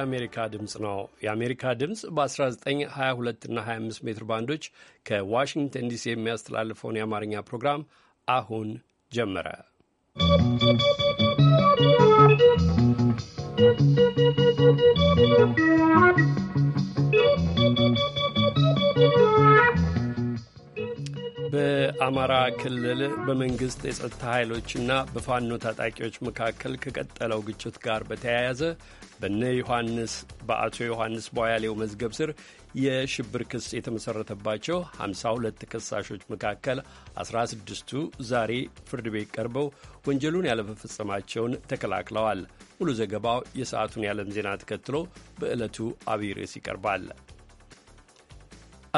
የአሜሪካ ድምፅ ነው። የአሜሪካ ድምፅ በ1922 እና 25 ሜትር ባንዶች ከዋሽንግተን ዲሲ የሚያስተላልፈውን የአማርኛ ፕሮግራም አሁን ጀመረ። ¶¶ በአማራ ክልል በመንግሥት የጸጥታ ኃይሎችና በፋኖ ታጣቂዎች መካከል ከቀጠለው ግጭት ጋር በተያያዘ በነ ዮሐንስ በአቶ ዮሐንስ ቧያሌው መዝገብ ስር የሽብር ክስ የተመሠረተባቸው 52 ተከሳሾች መካከል 16ቱ ዛሬ ፍርድ ቤት ቀርበው ወንጀሉን ያለመፈጸማቸውን ተከላክለዋል። ሙሉ ዘገባው የሰዓቱን የዓለም ዜና ተከትሎ በዕለቱ አብይ ርዕስ ይቀርባል።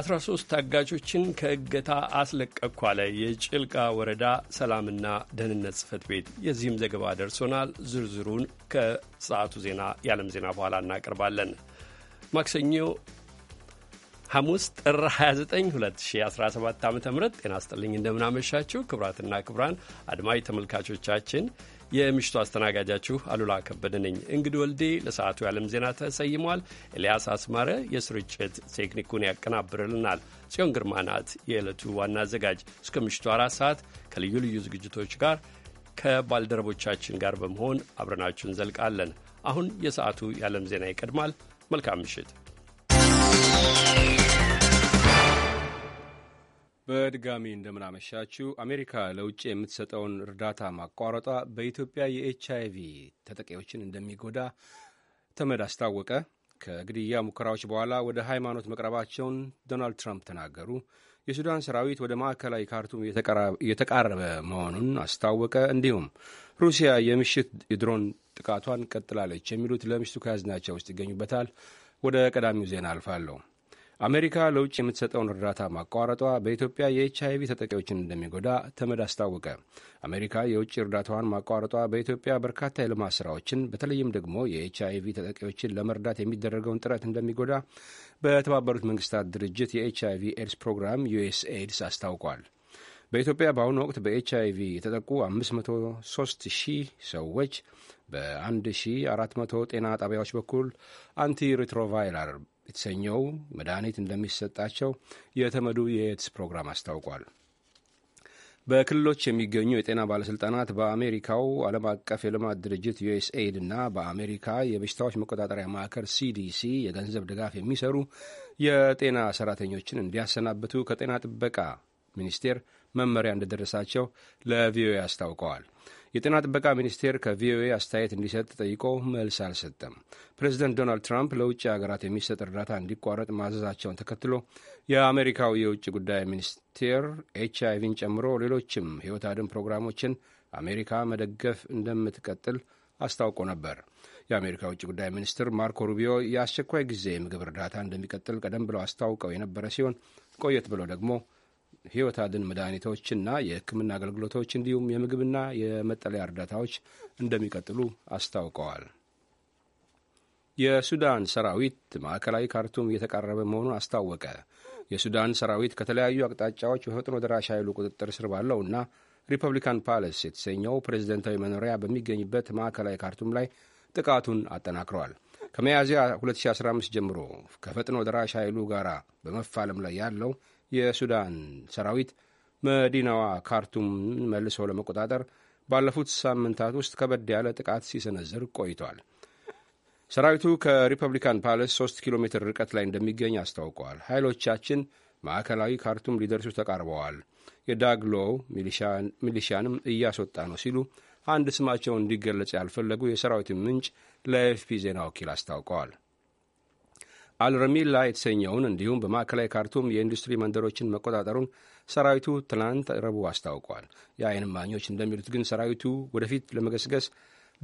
አስራ ሶስት ታጋቾችን ከእገታ አስለቀቅኩ አለ የጭልቃ ወረዳ ሰላምና ደህንነት ጽህፈት ቤት። የዚህም ዘገባ ደርሶናል። ዝርዝሩን ከሰዓቱ ዜና የዓለም ዜና በኋላ እናቀርባለን። ማክሰኞ ሐሙስ ጥር 29 2017 ዓ ም ጤና ስጥልኝ እንደምናመሻችው ክቡራትና ክቡራን አድማጭ ተመልካቾቻችን የምሽቱ አስተናጋጃችሁ አሉላ ከበደ ነኝ። እንግዲህ ወልዴ ለሰዓቱ የዓለም ዜና ተሰይሟል። ኤልያስ አስማረ የስርጭት ቴክኒኩን ያቀናብርልናል። ጽዮን ግርማ ናት የዕለቱ ዋና አዘጋጅ። እስከ ምሽቱ አራት ሰዓት ከልዩ ልዩ ዝግጅቶች ጋር ከባልደረቦቻችን ጋር በመሆን አብረናችሁ እንዘልቃለን። አሁን የሰዓቱ የዓለም ዜና ይቀድማል። መልካም ምሽት። በድጋሚ እንደምናመሻችሁ። አሜሪካ ለውጭ የምትሰጠውን እርዳታ ማቋረጧ በኢትዮጵያ የኤች አይቪ ተጠቂዎችን እንደሚጎዳ ተመድ አስታወቀ። ከግድያ ሙከራዎች በኋላ ወደ ሃይማኖት መቅረባቸውን ዶናልድ ትራምፕ ተናገሩ። የሱዳን ሰራዊት ወደ ማዕከላዊ ካርቱም እየተቃረበ መሆኑን አስታወቀ። እንዲሁም ሩሲያ የምሽት የድሮን ጥቃቷን ቀጥላለች። የሚሉት ለምሽቱ ከያዝናቸው ውስጥ ይገኙበታል። ወደ ቀዳሚው ዜና አልፋለሁ። አሜሪካ ለውጭ የምትሰጠውን እርዳታ ማቋረጧ በኢትዮጵያ የኤች አይቪ ተጠቂዎችን እንደሚጎዳ ተመድ አስታወቀ። አሜሪካ የውጭ እርዳታዋን ማቋረጧ በኢትዮጵያ በርካታ የልማት ስራዎችን በተለይም ደግሞ የኤች አይቪ ተጠቂዎችን ለመርዳት የሚደረገውን ጥረት እንደሚጎዳ በተባበሩት መንግስታት ድርጅት የኤች አይቪ ኤድስ ፕሮግራም ዩኤስ ኤድስ አስታውቋል። በኢትዮጵያ በአሁኑ ወቅት በኤች አይቪ የተጠቁ 503 ሺህ ሰዎች በ1400 ጤና ጣቢያዎች በኩል አንቲሪትሮቫይራል የተሰኘው መድኃኒት እንደሚሰጣቸው የተመዱ የኤድስ ፕሮግራም አስታውቋል። በክልሎች የሚገኙ የጤና ባለሥልጣናት በአሜሪካው ዓለም አቀፍ የልማት ድርጅት ዩኤስኤድ እና በአሜሪካ የበሽታዎች መቆጣጠሪያ ማዕከል ሲዲሲ የገንዘብ ድጋፍ የሚሰሩ የጤና ሰራተኞችን እንዲያሰናብቱ ከጤና ጥበቃ ሚኒስቴር መመሪያ እንደደረሳቸው ለቪኦኤ አስታውቀዋል። የጤና ጥበቃ ሚኒስቴር ከቪኦኤ አስተያየት እንዲሰጥ ጠይቆ መልስ አልሰጠም። ፕሬዚደንት ዶናልድ ትራምፕ ለውጭ ሀገራት የሚሰጥ እርዳታ እንዲቋረጥ ማዘዛቸውን ተከትሎ የአሜሪካው የውጭ ጉዳይ ሚኒስቴር ኤች አይቪን ጨምሮ ሌሎችም ሕይወት አድን ፕሮግራሞችን አሜሪካ መደገፍ እንደምትቀጥል አስታውቆ ነበር። የአሜሪካ ውጭ ጉዳይ ሚኒስትር ማርኮ ሩቢዮ የአስቸኳይ ጊዜ የምግብ እርዳታ እንደሚቀጥል ቀደም ብለው አስታውቀው የነበረ ሲሆን ቆየት ብለው ደግሞ ሕይወት አድን መድኃኒቶችና የህክምና አገልግሎቶች እንዲሁም የምግብና የመጠለያ እርዳታዎች እንደሚቀጥሉ አስታውቀዋል። የሱዳን ሰራዊት ማዕከላዊ ካርቱም እየተቃረበ መሆኑን አስታወቀ። የሱዳን ሰራዊት ከተለያዩ አቅጣጫዎች በፈጥኖ ደራሽ ኃይሉ ቁጥጥር ስር ባለውና ሪፐብሊካን ፓለስ የተሰኘው ፕሬዝደንታዊ መኖሪያ በሚገኝበት ማዕከላዊ ካርቱም ላይ ጥቃቱን አጠናክረዋል። ከሚያዝያ 2015 ጀምሮ ከፈጥኖ ደራሽ ኃይሉ ጋር በመፋለም ላይ ያለው የሱዳን ሰራዊት መዲናዋ ካርቱምን መልሶ ለመቆጣጠር ባለፉት ሳምንታት ውስጥ ከበድ ያለ ጥቃት ሲሰነዝር ቆይቷል። ሰራዊቱ ከሪፐብሊካን ፓለስ 3 ኪሎ ሜትር ርቀት ላይ እንደሚገኝ አስታውቀዋል። ኃይሎቻችን ማዕከላዊ ካርቱም ሊደርሱ ተቃርበዋል፣ የዳግሎ ሚሊሺያንም እያስወጣ ነው ሲሉ አንድ ስማቸው እንዲገለጽ ያልፈለጉ የሰራዊቱን ምንጭ ለኤፍፒ ዜና ወኪል አስታውቀዋል። አልረሚላ የተሰኘውን እንዲሁም በማዕከላዊ ካርቱም የኢንዱስትሪ መንደሮችን መቆጣጠሩን ሰራዊቱ ትናንት ረቡዕ አስታውቋል። የአይን እማኞች እንደሚሉት ግን ሰራዊቱ ወደፊት ለመገስገስ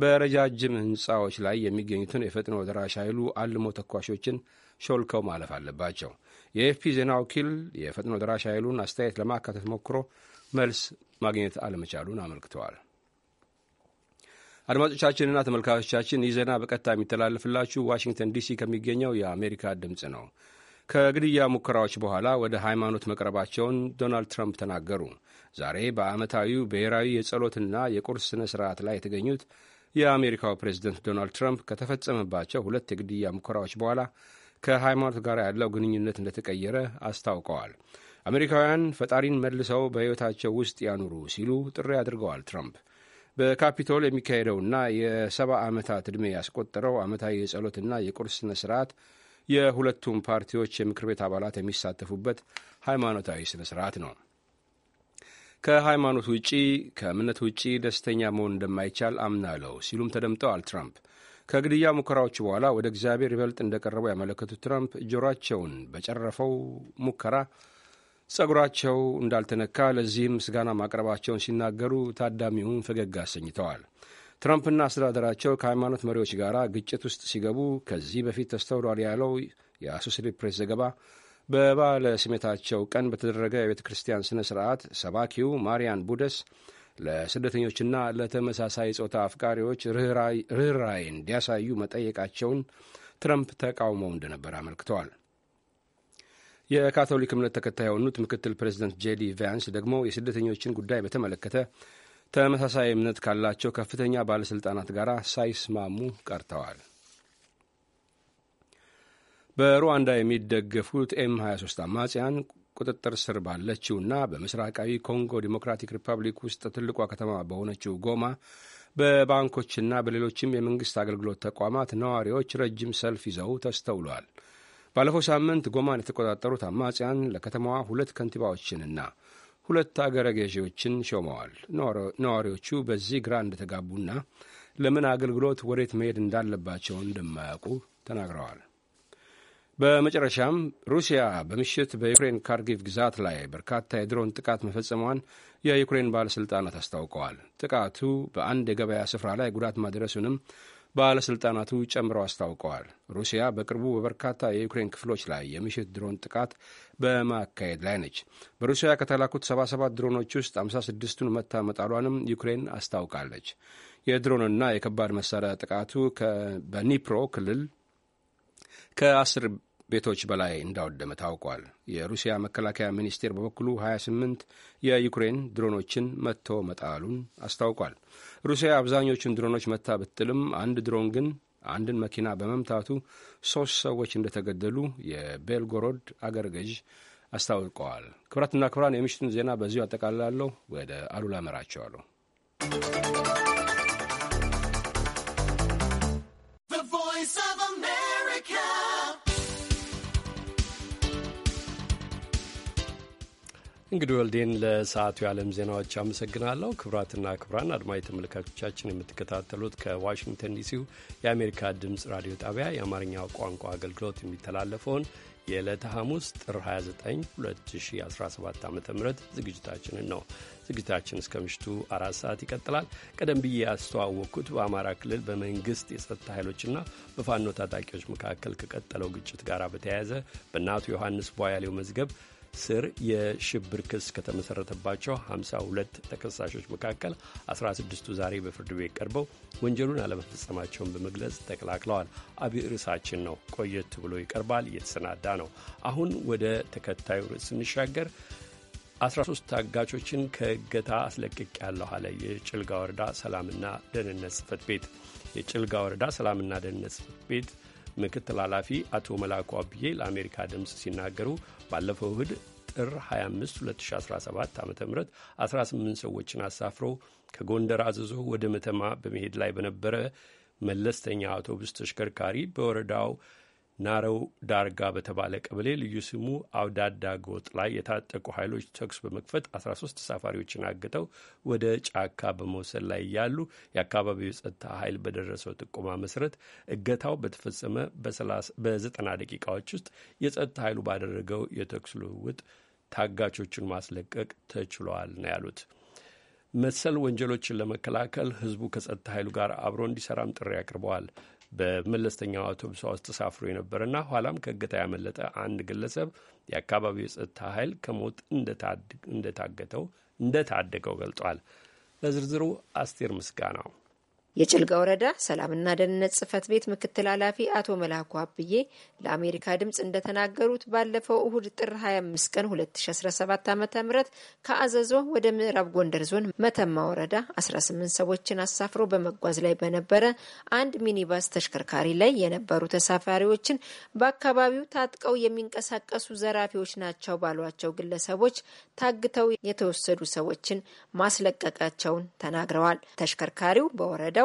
በረጃጅም ህንፃዎች ላይ የሚገኙትን የፈጥኖ ደራሽ ኃይሉ አልሞ ተኳሾችን ሾልከው ማለፍ አለባቸው። የኤፍፒ ዜና ወኪል የፈጥኖ ደራሽ ኃይሉን አስተያየት ለማካተት ሞክሮ መልስ ማግኘት አለመቻሉን አመልክተዋል። አድማጮቻችንና ተመልካቾቻችን ይህ ዜና በቀጥታ የሚተላለፍላችሁ ዋሽንግተን ዲሲ ከሚገኘው የአሜሪካ ድምፅ ነው። ከግድያ ሙከራዎች በኋላ ወደ ሃይማኖት መቅረባቸውን ዶናልድ ትራምፕ ተናገሩ። ዛሬ በዓመታዊው ብሔራዊ የጸሎትና የቁርስ ሥነ ሥርዓት ላይ የተገኙት የአሜሪካው ፕሬዝደንት ዶናልድ ትራምፕ ከተፈጸመባቸው ሁለት የግድያ ሙከራዎች በኋላ ከሃይማኖት ጋር ያለው ግንኙነት እንደተቀየረ አስታውቀዋል። አሜሪካውያን ፈጣሪን መልሰው በሕይወታቸው ውስጥ ያኑሩ ሲሉ ጥሪ አድርገዋል ትራምፕ በካፒቶል የሚካሄደውና የሰባ ዓመታት ዕድሜ ያስቆጠረው ዓመታዊ የጸሎትና የቁርስ ስነ ስርዓት የሁለቱም ፓርቲዎች የምክር ቤት አባላት የሚሳተፉበት ሃይማኖታዊ ስነ ስርዓት ነው። ከሃይማኖት ውጪ ከእምነት ውጪ ደስተኛ መሆን እንደማይቻል አምናለው ሲሉም ተደምጠዋል ትራምፕ። ከግድያ ሙከራዎቹ በኋላ ወደ እግዚአብሔር ይበልጥ እንደቀረቡ ያመለከቱት ትራምፕ ጆሯቸውን በጨረፈው ሙከራ ጸጉራቸው እንዳልተነካ ለዚህም ምስጋና ማቅረባቸውን ሲናገሩ ታዳሚውን ፈገግ አሰኝተዋል። ትራምፕና አስተዳደራቸው ከሃይማኖት መሪዎች ጋር ግጭት ውስጥ ሲገቡ ከዚህ በፊት ተስተውሏል ያለው የአሶሴትድ ፕሬስ ዘገባ በባለ ስሜታቸው ቀን በተደረገ የቤተ ክርስቲያን ሥነ ሥርዓት ሰባኪው ማሪያን ቡደስ ለስደተኞችና ለተመሳሳይ ጾታ አፍቃሪዎች ርኅራይ እንዲያሳዩ መጠየቃቸውን ትረምፕ ተቃውመው እንደነበር አመልክተዋል። የካቶሊክ እምነት ተከታይ የሆኑት ምክትል ፕሬዚደንት ጄዲ ቫንስ ደግሞ የስደተኞችን ጉዳይ በተመለከተ ተመሳሳይ እምነት ካላቸው ከፍተኛ ባለሥልጣናት ጋር ሳይስማሙ ቀርተዋል። በሩዋንዳ የሚደገፉት ኤም 23 አማጽያን ቁጥጥር ስር ባለችውና በምስራቃዊ ኮንጎ ዲሞክራቲክ ሪፐብሊክ ውስጥ ትልቋ ከተማ በሆነችው ጎማ በባንኮችና በሌሎችም የመንግሥት አገልግሎት ተቋማት ነዋሪዎች ረጅም ሰልፍ ይዘው ተስተውሏል። ባለፈው ሳምንት ጎማን የተቆጣጠሩት አማጽያን ለከተማዋ ሁለት ከንቲባዎችንና ሁለት አገረ ገዢዎችን ሾመዋል። ነዋሪዎቹ በዚህ ግራ እንደተጋቡና ለምን አገልግሎት ወዴት መሄድ እንዳለባቸው እንደማያውቁ ተናግረዋል። በመጨረሻም ሩሲያ በምሽት በዩክሬን ካርጊቭ ግዛት ላይ በርካታ የድሮን ጥቃት መፈጸሟን የዩክሬን ባለሥልጣናት አስታውቀዋል። ጥቃቱ በአንድ የገበያ ስፍራ ላይ ጉዳት ማድረሱንም ባለሥልጣናቱ ጨምረው አስታውቀዋል። ሩሲያ በቅርቡ በበርካታ የዩክሬን ክፍሎች ላይ የምሽት ድሮን ጥቃት በማካሄድ ላይ ነች። በሩሲያ ከተላኩት 77 ድሮኖች ውስጥ 56ቱን መታ መጣሏንም ዩክሬን አስታውቃለች። የድሮንና የከባድ መሳሪያ ጥቃቱ በኒፕሮ ክልል ከአስር ቤቶች በላይ እንዳወደመ ታውቋል። የሩሲያ መከላከያ ሚኒስቴር በበኩሉ 28 የዩክሬን ድሮኖችን መጥቶ መጣሉን አስታውቋል። ሩሲያ አብዛኞቹን ድሮኖች መታ ብትጥልም አንድ ድሮን ግን አንድን መኪና በመምታቱ ሶስት ሰዎች እንደተገደሉ የቤልጎሮድ አገር ገዥ አስታውቀዋል። ክብረትና ክብራን የምሽቱን ዜና በዚሁ አጠቃላለሁ። ወደ አሉላ መራቸዋለሁ። እንግዲህ ወልዴን ለሰዓቱ የዓለም ዜናዎች አመሰግናለሁ። ክብራትና ክብራን አድማጭ ተመልካቾቻችን የምትከታተሉት ከዋሽንግተን ዲሲው የአሜሪካ ድምፅ ራዲዮ ጣቢያ የአማርኛ ቋንቋ አገልግሎት የሚተላለፈውን የዕለተ ሐሙስ ጥር 29 2017 ዓ ም ዝግጅታችንን ነው። ዝግጅታችን እስከ ምሽቱ አራት ሰዓት ይቀጥላል። ቀደም ብዬ ያስተዋወቅኩት በአማራ ክልል በመንግስት የጸጥታ ኃይሎችና በፋኖ ታጣቂዎች መካከል ከቀጠለው ግጭት ጋር በተያያዘ በእናቱ ዮሐንስ ቧያሌው መዝገብ ስር የሽብር ክስ ከተመሰረተባቸው 52 ተከሳሾች መካከል 16ቱ ዛሬ በፍርድ ቤት ቀርበው ወንጀሉን አለመፈጸማቸውን በመግለጽ ተከላክለዋል። አብይ ርዕሳችን ነው፣ ቆየት ብሎ ይቀርባል፣ እየተሰናዳ ነው። አሁን ወደ ተከታዩ ርዕስ ስንሻገር 13 ታጋቾችን ከእገታ አስለቅቅ ያለሁ አለ የጭልጋ ወረዳ ሰላምና ደህንነት ጽህፈት ቤት። የጭልጋ ወረዳ ሰላምና ደህንነት ጽህፈት ቤት ምክትል ኃላፊ አቶ መላኩ አብዬ ለአሜሪካ ድምፅ ሲናገሩ ባለፈው እሁድ ጥር 25 2017 ዓ ም 18 ሰዎችን አሳፍሮ ከጎንደር አዘዞ ወደ መተማ በመሄድ ላይ በነበረ መለስተኛ አውቶቡስ ተሽከርካሪ በወረዳው ናረው ዳርጋ በተባለ ቀበሌ ልዩ ስሙ አውዳዳ ጎጥ ላይ የታጠቁ ኃይሎች ተኩስ በመክፈት 13 ተሳፋሪዎችን አግተው ወደ ጫካ በመውሰድ ላይ ያሉ የአካባቢው የጸጥታ ኃይል በደረሰው ጥቆማ መሰረት እገታው በተፈጸመ በ90 ደቂቃዎች ውስጥ የጸጥታ ኃይሉ ባደረገው የተኩስ ልውውጥ ታጋቾቹን ማስለቀቅ ተችሏል ነው ያሉት። መሰል ወንጀሎችን ለመከላከል ህዝቡ ከጸጥታ ኃይሉ ጋር አብሮ እንዲሰራም ጥሪ አቅርበዋል። በመለስተኛው አውቶቡስ ውስጥ ተሳፍሮ የነበረና ኋላም ከእገታ ያመለጠ አንድ ግለሰብ የአካባቢው የጸጥታ ኃይል ከሞት እንደታገተው እንደታደገው ገልጧል። ለዝርዝሩ አስቴር ምስጋናው የጭልጋ ወረዳ ሰላምና ደህንነት ጽህፈት ቤት ምክትል ኃላፊ አቶ መላኩ አብዬ ለአሜሪካ ድምፅ እንደተናገሩት ባለፈው እሁድ ጥር 25 ቀን 2017 ዓ ም ከአዘዞ ወደ ምዕራብ ጎንደር ዞን መተማ ወረዳ 18 ሰዎችን አሳፍሮ በመጓዝ ላይ በነበረ አንድ ሚኒባስ ተሽከርካሪ ላይ የነበሩ ተሳፋሪዎችን በአካባቢው ታጥቀው የሚንቀሳቀሱ ዘራፊዎች ናቸው ባሏቸው ግለሰቦች ታግተው የተወሰዱ ሰዎችን ማስለቀቃቸውን ተናግረዋል። ተሽከርካሪው በወረዳው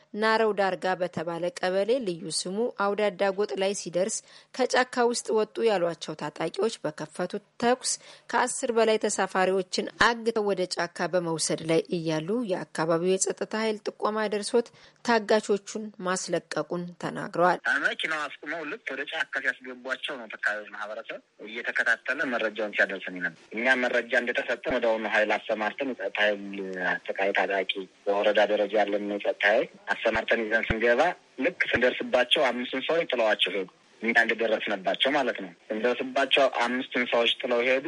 ናረው ዳርጋ በተባለ ቀበሌ ልዩ ስሙ አውዳዳ ጎጥ ላይ ሲደርስ ከጫካ ውስጥ ወጡ ያሏቸው ታጣቂዎች በከፈቱት ተኩስ ከአስር በላይ ተሳፋሪዎችን አግተው ወደ ጫካ በመውሰድ ላይ እያሉ የአካባቢው የጸጥታ ኃይል ጥቆማ ደርሶት ታጋቾቹን ማስለቀቁን ተናግረዋል። መኪናው አስቁመው ልክ ወደ ጫካ ሲያስገቧቸው ነው ተካባቢ ማህበረሰብ እየተከታተለ መረጃውን ሲያደርሰን ነበር። እኛ መረጃ እንደተሰጠን ወደ አሁኑ ኃይል አሰማርተን ጸጥታ ኃይል አጠቃላይ ታጣቂ በወረዳ ደረጃ ያለን ጸጥታ ኃይል አሰማርተን ይዘን ስንገባ ልክ ስንደርስባቸው አምስቱን ሰዎች ጥለዋቸው ሄዱ። እኛ እንደደረስንባቸው ማለት ነው። ስንደርስባቸው አምስቱን ሰዎች ጥለው ሄዱ።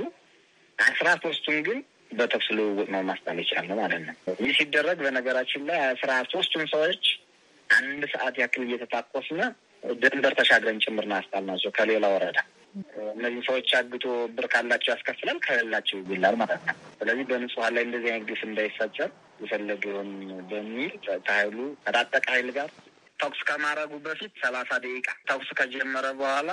አስራ ሶስቱን ግን በተኩስ ልውውጥ ነው ማስጣል ይችላል ማለት ነው። ይህ ሲደረግ በነገራችን ላይ አስራ ሶስቱን ሰዎች አንድ ሰዓት ያክል እየተታኮስን ድንበር ተሻግረን ጭምር ናስጣል ናቸው ከሌላ ወረዳ እነዚህ ሰዎች አግቶ ብር ካላቸው ያስከፍላል፣ ከሌላቸው ይላል ማለት ነው። ስለዚህ በንጹሀን ላይ እንደዚህ አይነት ግፍ እንዳይፈጸም የፈለገውን በሚል ከሀይሉ ከታጠቀ ሀይል ጋር ተኩስ ከማድረጉ በፊት ሰላሳ ደቂቃ ተኩስ ከጀመረ በኋላ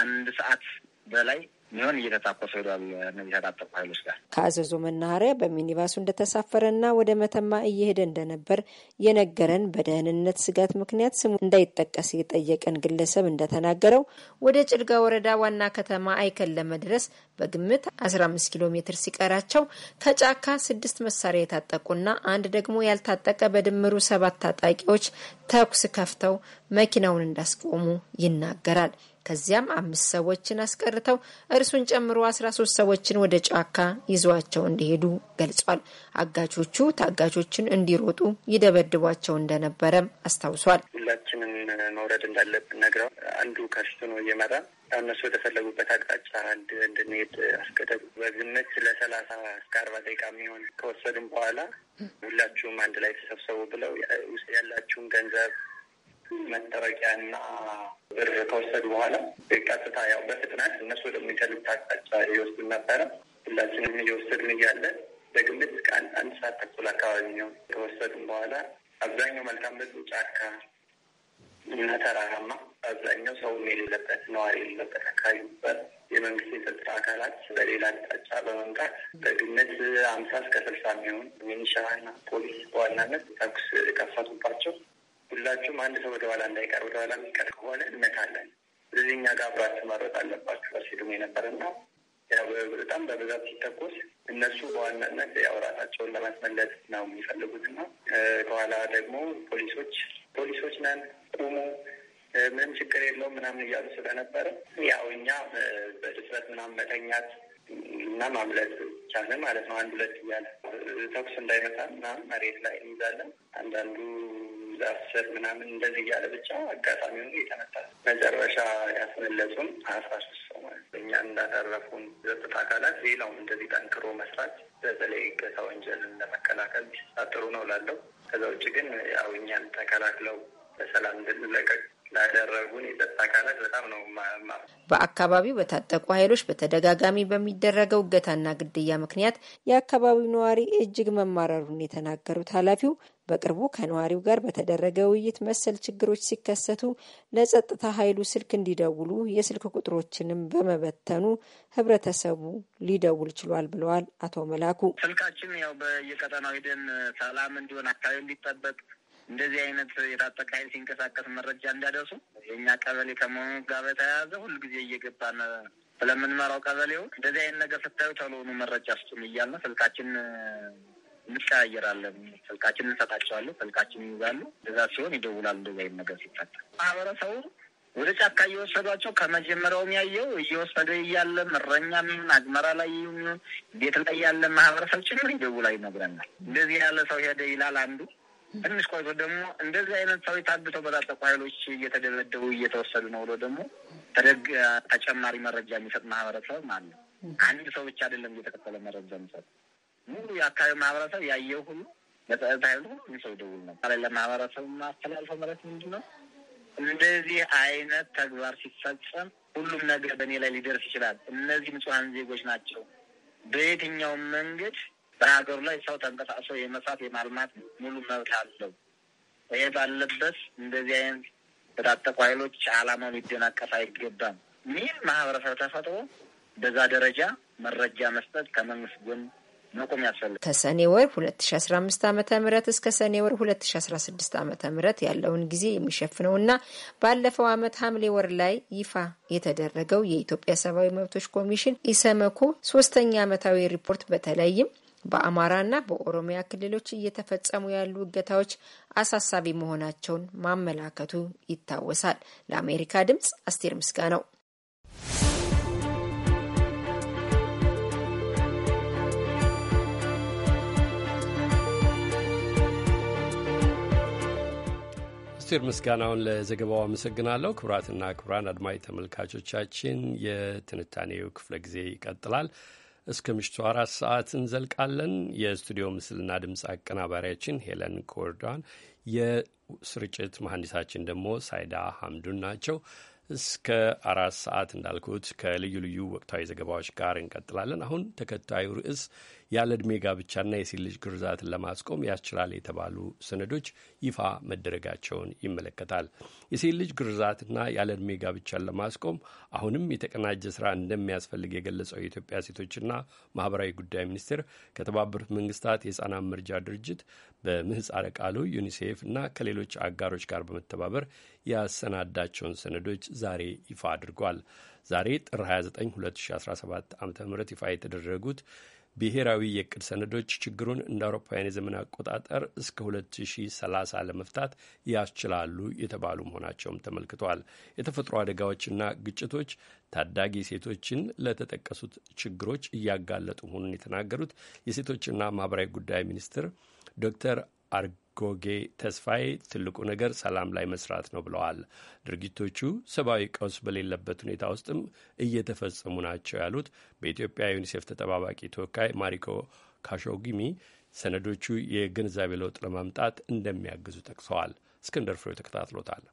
አንድ ሰዓት በላይ ሚሆን እየተታኮሰ ሄዷል። እነዚህ ታጣጠቁ ኃይሎች ጋር ከአዘዞ መናኸሪያ በሚኒባሱ እንደተሳፈረና ወደ መተማ እየሄደ እንደነበር የነገረን በደህንነት ስጋት ምክንያት ስሙ እንዳይጠቀስ የጠየቀን ግለሰብ እንደተናገረው ወደ ጭልጋ ወረዳ ዋና ከተማ አይከል ለመድረስ በግምት 15 ኪሎ ሜትር ሲቀራቸው ከጫካ ስድስት መሳሪያ የታጠቁና አንድ ደግሞ ያልታጠቀ በድምሩ ሰባት ታጣቂዎች ተኩስ ከፍተው መኪናውን እንዳስቆሙ ይናገራል። ከዚያም አምስት ሰዎችን አስቀርተው እርሱን ጨምሮ አስራ ሶስት ሰዎችን ወደ ጫካ ይዘዋቸው እንዲሄዱ ገልጿል። አጋቾቹ ታጋቾችን እንዲሮጡ ይደበድቧቸው እንደነበረ አስታውሷል። ሁላችንም መውረድ እንዳለብን ነግረው አንዱ ከፊቱ ነው እየመራ እነሱ የተፈለጉበት አቅጣጫ አንድ እንድንሄድ አስገደቡ። በግምት ለሰላሳ እስከ አርባ ደቂቃ የሚሆን ከወሰድም በኋላ ሁላችሁም አንድ ላይ ተሰብሰቡ ብለው ውስጥ ያላችሁን ገንዘብ መጠረቂያና ብር ከወሰዱ በኋላ ቀጥታ ያው በፍጥነት እነሱ ወደሚፈልጉት አቅጣጫ ይወስዱ ነበረ። ሁላችንም እየወሰድን እያለን በግምት ከአንድ አንድ ሰዓት ተኩል አካባቢ ነው ከወሰድን በኋላ አብዛኛው መልካም ምድሩ ጫካ እና ተራራማ አብዛኛው ሰው የሌለበት ነዋሪ የሌለበት አካባቢ ነበር። የመንግስት የጸጥታ አካላት በሌላ አቅጣጫ በመምጣት በግምት አምሳ እስከ ስልሳ የሚሆን ሚኒሻና ፖሊስ በዋናነት ተኩስ የከፈቱባቸው ሁላችሁም አንድ ሰው ወደኋላ እንዳይቀር ወደኋላ የሚቀር ከሆነ እነታለን ስለዚህ እኛ ጋር አብራችሁ መሮጥ አለባችሁ ሲሉም የነበረና በጣም በብዛት ሲተኮስ እነሱ በዋናነት ያው ራሳቸውን ለማስመለጥ ነው የሚፈልጉትና ከኋላ ደግሞ ፖሊሶች ፖሊሶች ነን ቁሙ፣ ምንም ችግር የለውም ምናምን እያሉ ስለነበረ ያው እኛ በድፍረት ምናምን መተኛት እና ማምለጥ ቻለ ማለት ነው። አንድ ሁለት እያለ ተኩስ እንዳይመታ ምናምን መሬት ላይ እንይዛለን አንዳንዱ አስር ምናምን እንደዚህ እያለ ብቻ አጋጣሚ ሆኖ የተመታል። መጨረሻ ያስመለጹን አስራ ሶስት ሰው ማለት እኛ እንዳተረፉን ጸጥታ አካላት፣ ሌላው እንደዚህ ጠንክሮ መስራት በተለይ እገታ ወንጀልን ለመከላከል ጥሩ ነው ላለው። ከዛ ውጭ ግን ያው እኛን ተከላክለው በሰላም እንድንለቀቅ ላደረጉን የጸጥታ አካላት በጣም ነው። በአካባቢው በታጠቁ ኃይሎች በተደጋጋሚ በሚደረገው እገታና ግድያ ምክንያት የአካባቢው ነዋሪ እጅግ መማረሩን የተናገሩት ኃላፊው በቅርቡ ከነዋሪው ጋር በተደረገ ውይይት መሰል ችግሮች ሲከሰቱ ለጸጥታ ኃይሉ ስልክ እንዲደውሉ የስልክ ቁጥሮችንም በመበተኑ ህብረተሰቡ ሊደውል ችሏል ብለዋል አቶ መላኩ። ስልካችን ያው በየቀጠናው ሂደን ሰላም እንዲሆን አካባቢ እንዲጠበቅ እንደዚህ አይነት የታጠቀ ኃይል ሲንቀሳቀስ መረጃ እንዳደርሱ የእኛ ቀበሌ ከመሆኑ ጋር በተያያዘ ሁሉ ጊዜ እየገባን ስለምንመራው ቀበሌው እንደዚህ አይነት ነገር ስታዩ ተለሆኑ መረጃ ስጡን እያልን ስልካችን እንቀያየራለን። ስልካችን እንሰጣቸዋለን፣ ስልካችን ይይዛሉ። እዛ ሲሆን ይደውላል። እንደዛ ነገር ሲፈጠር ማህበረሰቡ ወደ ጫካ እየወሰዷቸው ከመጀመሪያውም ያየው እየወሰደ እያለ እረኛ ሚሆን አግመራ ላይ ሚሆን ቤት ላይ ያለ ማህበረሰብ ጭምር ይደውላል፣ ይነግረናል። እንደዚህ ያለ ሰው ሄደ ይላል አንዱ። ትንሽ ቆይቶ ደግሞ እንደዚህ አይነት ሰው የታግተው በታጠቁ ኃይሎች እየተደበደቡ እየተወሰዱ ነው ብሎ ደግሞ ተደግ ተጨማሪ መረጃ የሚሰጥ ማህበረሰብ አለ። አንድ ሰው ብቻ አይደለም እየተከተለ መረጃ የሚሰጥ ሙሉ የአካባቢው ማህበረሰብ ያየው ሁሉ ለጸጥታ ያሉ ሁሉ ሰው ይደውል ነበር። ለማህበረሰቡ ማስተላልፈው ማለት ምንድን ነው? እንደዚህ አይነት ተግባር ሲፈጸም ሁሉም ነገር በእኔ ላይ ሊደርስ ይችላል። እነዚህ ንጹሐን ዜጎች ናቸው። በየትኛውም መንገድ በሀገሩ ላይ ሰው ተንቀሳቅሶ የመስራት የማልማት ሙሉ መብት አለው። ይሄ ባለበት እንደዚህ አይነት በታጠቁ ኃይሎች አላማው ሊደናቀፍ አይገባም ሚል ማህበረሰብ ተፈጥሮ በዛ ደረጃ መረጃ መስጠት ከመንግስት ጎን መቆም ከሰኔ ወር 2015 ዓ ም እስከ ሰኔ ወር 2016 ዓ ም ያለውን ጊዜ የሚሸፍነውና ባለፈው ዓመት ሐምሌ ወር ላይ ይፋ የተደረገው የኢትዮጵያ ሰብአዊ መብቶች ኮሚሽን ኢሰመኮ ሶስተኛ ዓመታዊ ሪፖርት በተለይም በአማራና በኦሮሚያ ክልሎች እየተፈጸሙ ያሉ እገታዎች አሳሳቢ መሆናቸውን ማመላከቱ ይታወሳል። ለአሜሪካ ድምጽ አስቴር ምስጋ ነው። አስቴር ምስጋናውን ለዘገባው አመሰግናለሁ። ክቡራትና ክቡራን አድማጭ ተመልካቾቻችን የትንታኔው ክፍለ ጊዜ ይቀጥላል። እስከ ምሽቱ አራት ሰዓት እንዘልቃለን። የስቱዲዮ ምስልና ድምፅ አቀናባሪያችን ሄለን ኮርዳን፣ የስርጭት መሐንዲሳችን ደግሞ ሳይዳ ሀምዱን ናቸው። እስከ አራት ሰዓት እንዳልኩት ከልዩ ልዩ ወቅታዊ ዘገባዎች ጋር እንቀጥላለን። አሁን ተከታዩ ርዕስ ያለ ዕድሜ ጋብቻና የሴት ልጅ ግርዛትን ለማስቆም ያስችላል የተባሉ ሰነዶች ይፋ መደረጋቸውን ይመለከታል። የሴት ልጅ ግርዛትና ያለ ዕድሜ ጋብቻን ለማስቆም አሁንም የተቀናጀ ስራ እንደሚያስፈልግ የገለጸው የኢትዮጵያ ሴቶችና ማህበራዊ ጉዳይ ሚኒስቴር ከተባበሩት መንግስታት የህጻናት መርጃ ድርጅት በምህጻረ ቃሉ ዩኒሴፍ እና ከሌሎች አጋሮች ጋር በመተባበር ያሰናዳቸውን ሰነዶች ዛሬ ይፋ አድርጓል። ዛሬ ጥር 29 2017 ዓ ም ይፋ የተደረጉት ብሔራዊ የእቅድ ሰነዶች ችግሩን እንደ አውሮፓውያን የዘመን አቆጣጠር እስከ 2030 ለመፍታት ያስችላሉ የተባሉ መሆናቸውም ተመልክቷል። የተፈጥሮ አደጋዎችና ግጭቶች ታዳጊ ሴቶችን ለተጠቀሱት ችግሮች እያጋለጡ መሆኑን የተናገሩት የሴቶችና ማህበራዊ ጉዳይ ሚኒስትር ዶክተር አርጎጌ ተስፋዬ ትልቁ ነገር ሰላም ላይ መስራት ነው ብለዋል። ድርጊቶቹ ሰብአዊ ቀውስ በሌለበት ሁኔታ ውስጥም እየተፈጸሙ ናቸው ያሉት በኢትዮጵያ ዩኒሴፍ ተጠባባቂ ተወካይ ማሪኮ ካሾጊሚ ሰነዶቹ የግንዛቤ ለውጥ ለማምጣት እንደሚያግዙ ጠቅሰዋል። እስክንደር ፍሬው ተከታትሎታል።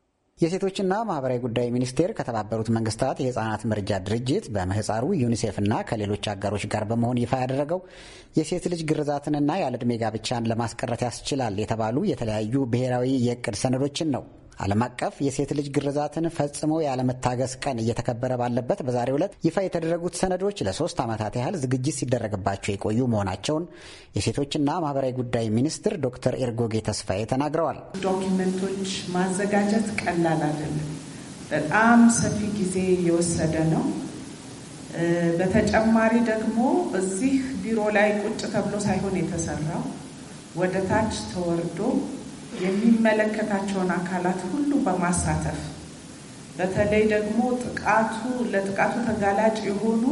የሴቶችና ማህበራዊ ጉዳይ ሚኒስቴር ከተባበሩት መንግስታት የህፃናት መርጃ ድርጅት በምህፃሩ ዩኒሴፍና ከሌሎች አጋሮች ጋር በመሆን ይፋ ያደረገው የሴት ልጅ ግርዛትንና ያለዕድሜ ጋብቻን ለማስቀረት ያስችላል የተባሉ የተለያዩ ብሔራዊ የእቅድ ሰነዶችን ነው ዓለም አቀፍ የሴት ልጅ ግርዛትን ፈጽሞ ያለመታገስ ቀን እየተከበረ ባለበት በዛሬው ዕለት ይፋ የተደረጉት ሰነዶች ለሶስት ዓመታት ያህል ዝግጅት ሲደረግባቸው የቆዩ መሆናቸውን የሴቶችና ማህበራዊ ጉዳይ ሚኒስትር ዶክተር ኤርጎጌ ተስፋዬ ተናግረዋል። ዶኪመንቶች ማዘጋጀት ቀላል አይደለም። በጣም ሰፊ ጊዜ የወሰደ ነው። በተጨማሪ ደግሞ እዚህ ቢሮ ላይ ቁጭ ተብሎ ሳይሆን የተሰራው ወደ ታች ተወርዶ የሚመለከታቸውን አካላት ሁሉ በማሳተፍ በተለይ ደግሞ ጥቃቱ ለጥቃቱ ተጋላጭ የሆኑ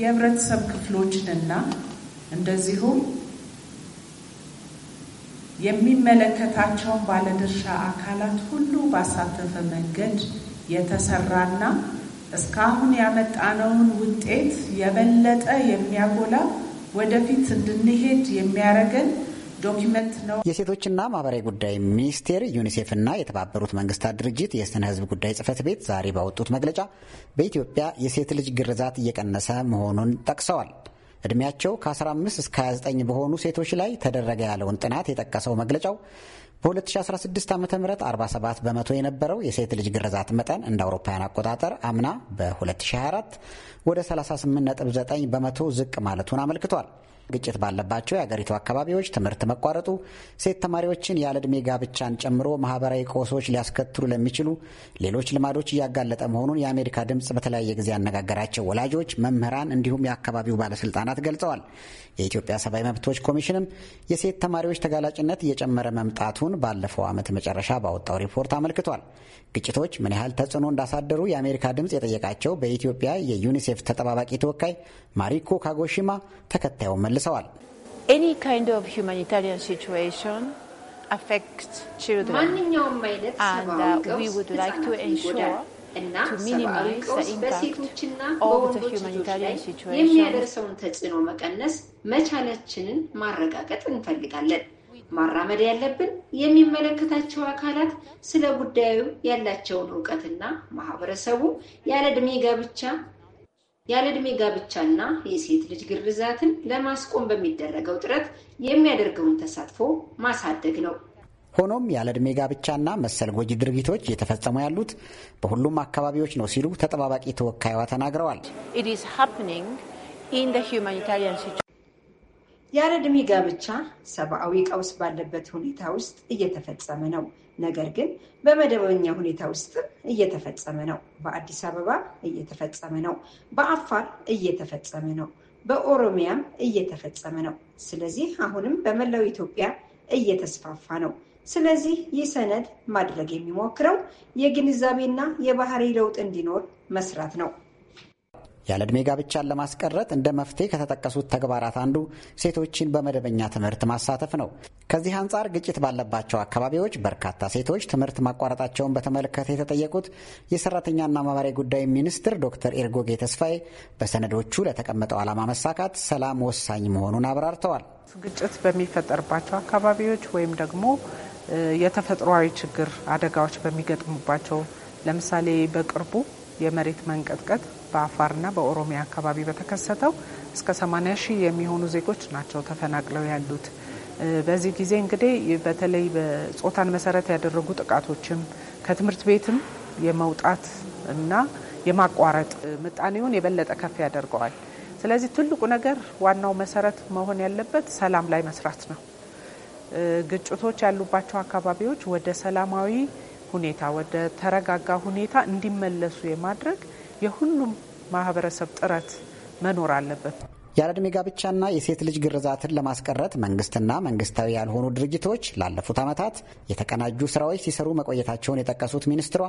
የህብረተሰብ ክፍሎችንና እንደዚሁም የሚመለከታቸውን ባለድርሻ አካላት ሁሉ ባሳተፈ መንገድ የተሰራና እስካሁን ያመጣነውን ውጤት የበለጠ የሚያጎላ ወደፊት እንድንሄድ የሚያደርገን ዶኪመንት ነው። የሴቶችና ማህበራዊ ጉዳይ ሚኒስቴር ዩኒሴፍና የተባበሩት መንግስታት ድርጅት የስነ ህዝብ ጉዳይ ጽህፈት ቤት ዛሬ ባወጡት መግለጫ በኢትዮጵያ የሴት ልጅ ግርዛት እየቀነሰ መሆኑን ጠቅሰዋል። እድሜያቸው ከ15 እስከ 29 በሆኑ ሴቶች ላይ ተደረገ ያለውን ጥናት የጠቀሰው መግለጫው በ2016 ዓ ም 47 በመቶ የነበረው የሴት ልጅ ግርዛት መጠን እንደ አውሮፓውያን አቆጣጠር አምና በ2024 ወደ 38.9 በመቶ ዝቅ ማለቱን አመልክቷል። ግጭት ባለባቸው የአገሪቱ አካባቢዎች ትምህርት መቋረጡ ሴት ተማሪዎችን ያለ ዕድሜ ጋብቻን ጨምሮ ማህበራዊ ቀውሶች ሊያስከትሉ ለሚችሉ ሌሎች ልማዶች እያጋለጠ መሆኑን የአሜሪካ ድምፅ በተለያየ ጊዜ ያነጋገራቸው ወላጆች፣ መምህራን እንዲሁም የአካባቢው ባለስልጣናት ገልጸዋል። የኢትዮጵያ ሰብአዊ መብቶች ኮሚሽንም የሴት ተማሪዎች ተጋላጭነት እየጨመረ መምጣቱን ባለፈው ዓመት መጨረሻ ባወጣው ሪፖርት አመልክቷል። ግጭቶች ምን ያህል ተጽዕኖ እንዳሳደሩ የአሜሪካ ድምፅ የጠየቃቸው በኢትዮጵያ የዩኒሴፍ ተጠባባቂ ተወካይ ማሪኮ ካጎሺማ ተከታዩን መልሰዋል። መልሰዋል። ማንኛውም አይነት uh, እና በሴቶችና የሚያደርሰውን ተጽዕኖ መቀነስ መቻላችንን ማረጋገጥ እንፈልጋለን። ማራመድ ያለብን የሚመለከታቸው አካላት ስለ ጉዳዩ ያላቸውን እውቀትና ማህበረሰቡ ያለ እድሜ ጋብቻ ያለዕድሜ ጋብቻና የሴት ልጅ ግርዛትን ለማስቆም በሚደረገው ጥረት የሚያደርገውን ተሳትፎ ማሳደግ ነው። ሆኖም ያለዕድሜ ጋብቻና መሰል ጎጂ ድርጊቶች እየተፈጸሙ ያሉት በሁሉም አካባቢዎች ነው ሲሉ ተጠባባቂ ተወካይዋ ተናግረዋል። ያለዕድሜ ጋብቻ ሰብአዊ ቀውስ ባለበት ሁኔታ ውስጥ እየተፈጸመ ነው። ነገር ግን በመደበኛ ሁኔታ ውስጥ እየተፈጸመ ነው። በአዲስ አበባ እየተፈጸመ ነው። በአፋር እየተፈጸመ ነው። በኦሮሚያም እየተፈጸመ ነው። ስለዚህ አሁንም በመላው ኢትዮጵያ እየተስፋፋ ነው። ስለዚህ ይህ ሰነድ ማድረግ የሚሞክረው የግንዛቤና የባህሪ ለውጥ እንዲኖር መስራት ነው። ያለ ዕድሜ ጋብቻን ለማስቀረት እንደ መፍትሄ ከተጠቀሱት ተግባራት አንዱ ሴቶችን በመደበኛ ትምህርት ማሳተፍ ነው። ከዚህ አንጻር ግጭት ባለባቸው አካባቢዎች በርካታ ሴቶች ትምህርት ማቋረጣቸውን በተመለከተ የተጠየቁት የሰራተኛና ማህበራዊ ጉዳይ ሚኒስትር ዶክተር ኤርጎጌ ተስፋዬ በሰነዶቹ ለተቀመጠው ዓላማ መሳካት ሰላም ወሳኝ መሆኑን አብራርተዋል። ግጭት በሚፈጠርባቸው አካባቢዎች ወይም ደግሞ የተፈጥሯዊ ችግር አደጋዎች በሚገጥሙባቸው ለምሳሌ በቅርቡ የመሬት መንቀጥቀጥ በአፋርና በኦሮሚያ አካባቢ በተከሰተው እስከ 80 ሺህ የሚሆኑ ዜጎች ናቸው ተፈናቅለው ያሉት። በዚህ ጊዜ እንግዲህ በተለይ በጾታን መሰረት ያደረጉ ጥቃቶችም ከትምህርት ቤትም የመውጣት እና የማቋረጥ ምጣኔውን የበለጠ ከፍ ያደርገዋል። ስለዚህ ትልቁ ነገር ዋናው መሰረት መሆን ያለበት ሰላም ላይ መስራት ነው። ግጭቶች ያሉባቸው አካባቢዎች ወደ ሰላማዊ ሁኔታ ወደ ተረጋጋ ሁኔታ እንዲመለሱ የማድረግ የሁሉም ማህበረሰብ ጥረት መኖር አለበት። ያለዕድሜ ጋብቻና የሴት ልጅ ግርዛትን ለማስቀረት መንግስትና መንግስታዊ ያልሆኑ ድርጅቶች ላለፉት ዓመታት የተቀናጁ ስራዎች ሲሰሩ መቆየታቸውን የጠቀሱት ሚኒስትሯ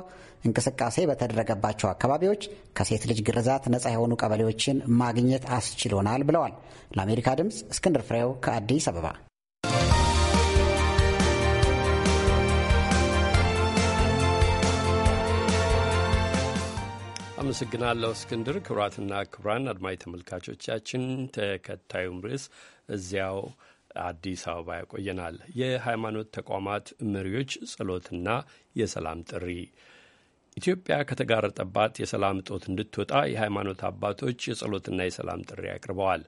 እንቅስቃሴ በተደረገባቸው አካባቢዎች ከሴት ልጅ ግርዛት ነፃ የሆኑ ቀበሌዎችን ማግኘት አስችሎናል ብለዋል። ለአሜሪካ ድምፅ እስክንድር ፍሬው ከአዲስ አበባ አመሰግናለሁ እስክንድር። ክቡራትና ክቡራን አድማጭ ተመልካቾቻችን ተከታዩም ርዕስ እዚያው አዲስ አበባ ያቆየናል። የሃይማኖት ተቋማት መሪዎች ጸሎትና የሰላም ጥሪ። ኢትዮጵያ ከተጋረጠባት የሰላም እጦት እንድትወጣ የሃይማኖት አባቶች የጸሎትና የሰላም ጥሪ አቅርበዋል።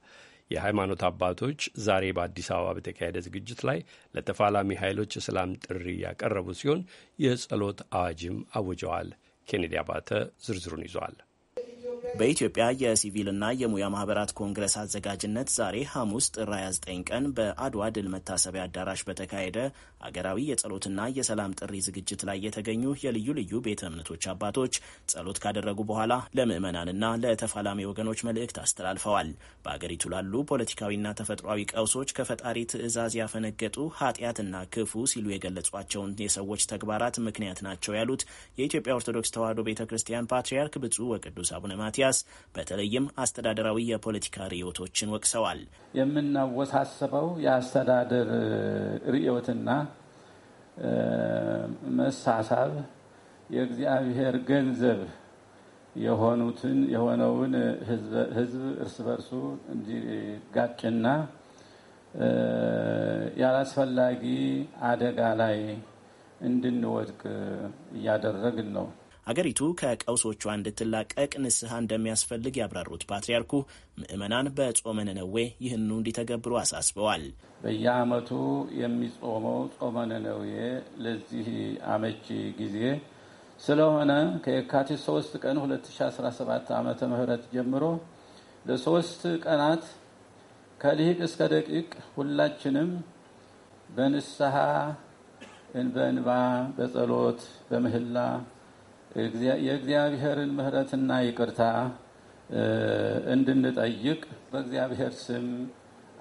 የሃይማኖት አባቶች ዛሬ በአዲስ አበባ በተካሄደ ዝግጅት ላይ ለተፋላሚ ኃይሎች የሰላም ጥሪ ያቀረቡ ሲሆን የጸሎት አዋጅም አውጀዋል። ኬኔዲ አባተ ዝርዝሩን ይዟል። በኢትዮጵያ የሲቪልና የሙያ ማህበራት ኮንግረስ አዘጋጅነት ዛሬ ሐሙስ ጥር 29 ቀን በአድዋ ድል መታሰቢያ አዳራሽ በተካሄደ አገራዊ የጸሎትና የሰላም ጥሪ ዝግጅት ላይ የተገኙ የልዩ ልዩ ቤተ እምነቶች አባቶች ጸሎት ካደረጉ በኋላ ለምዕመናንና ለተፋላሚ ወገኖች መልእክት አስተላልፈዋል። በአገሪቱ ላሉ ፖለቲካዊና ተፈጥሯዊ ቀውሶች ከፈጣሪ ትዕዛዝ ያፈነገጡ ኃጢአትና ክፉ ሲሉ የገለጿቸውን የሰዎች ተግባራት ምክንያት ናቸው ያሉት የኢትዮጵያ ኦርቶዶክስ ተዋሕዶ ቤተ ክርስቲያን ፓትርያርክ ብፁዕ ወቅዱስ አቡነ ማቲያስ በተለይም አስተዳደራዊ የፖለቲካ ርዕዮቶችን ወቅሰዋል። የምናወሳሰበው የአስተዳደር ርዕዮትና መሳሳብ የእግዚአብሔር ገንዘብ የሆኑትን የሆነውን ሕዝብ እርስ በርሱ እንዲጋጭና ያላስፈላጊ አደጋ ላይ እንድንወድቅ እያደረግን ነው። አገሪቱ ከቀውሶቿ እንድትላቀቅ ንስሐ እንደሚያስፈልግ ያብራሩት ፓትርያርኩ ምዕመናን በጾመ ነነዌ ይህኑ እንዲተገብሩ አሳስበዋል። በየዓመቱ የሚጾመው ጾመ ነነዌ ለዚህ አመቺ ጊዜ ስለሆነ ከየካቲት 3 ቀን 2017 ዓ ም ጀምሮ ለሶስት ቀናት ከልሂቅ እስከ ደቂቅ ሁላችንም በንስሐ በእንባ፣ በጸሎት፣ በምህላ የእግዚአብሔርን ምሕረትና ይቅርታ እንድንጠይቅ በእግዚአብሔር ስም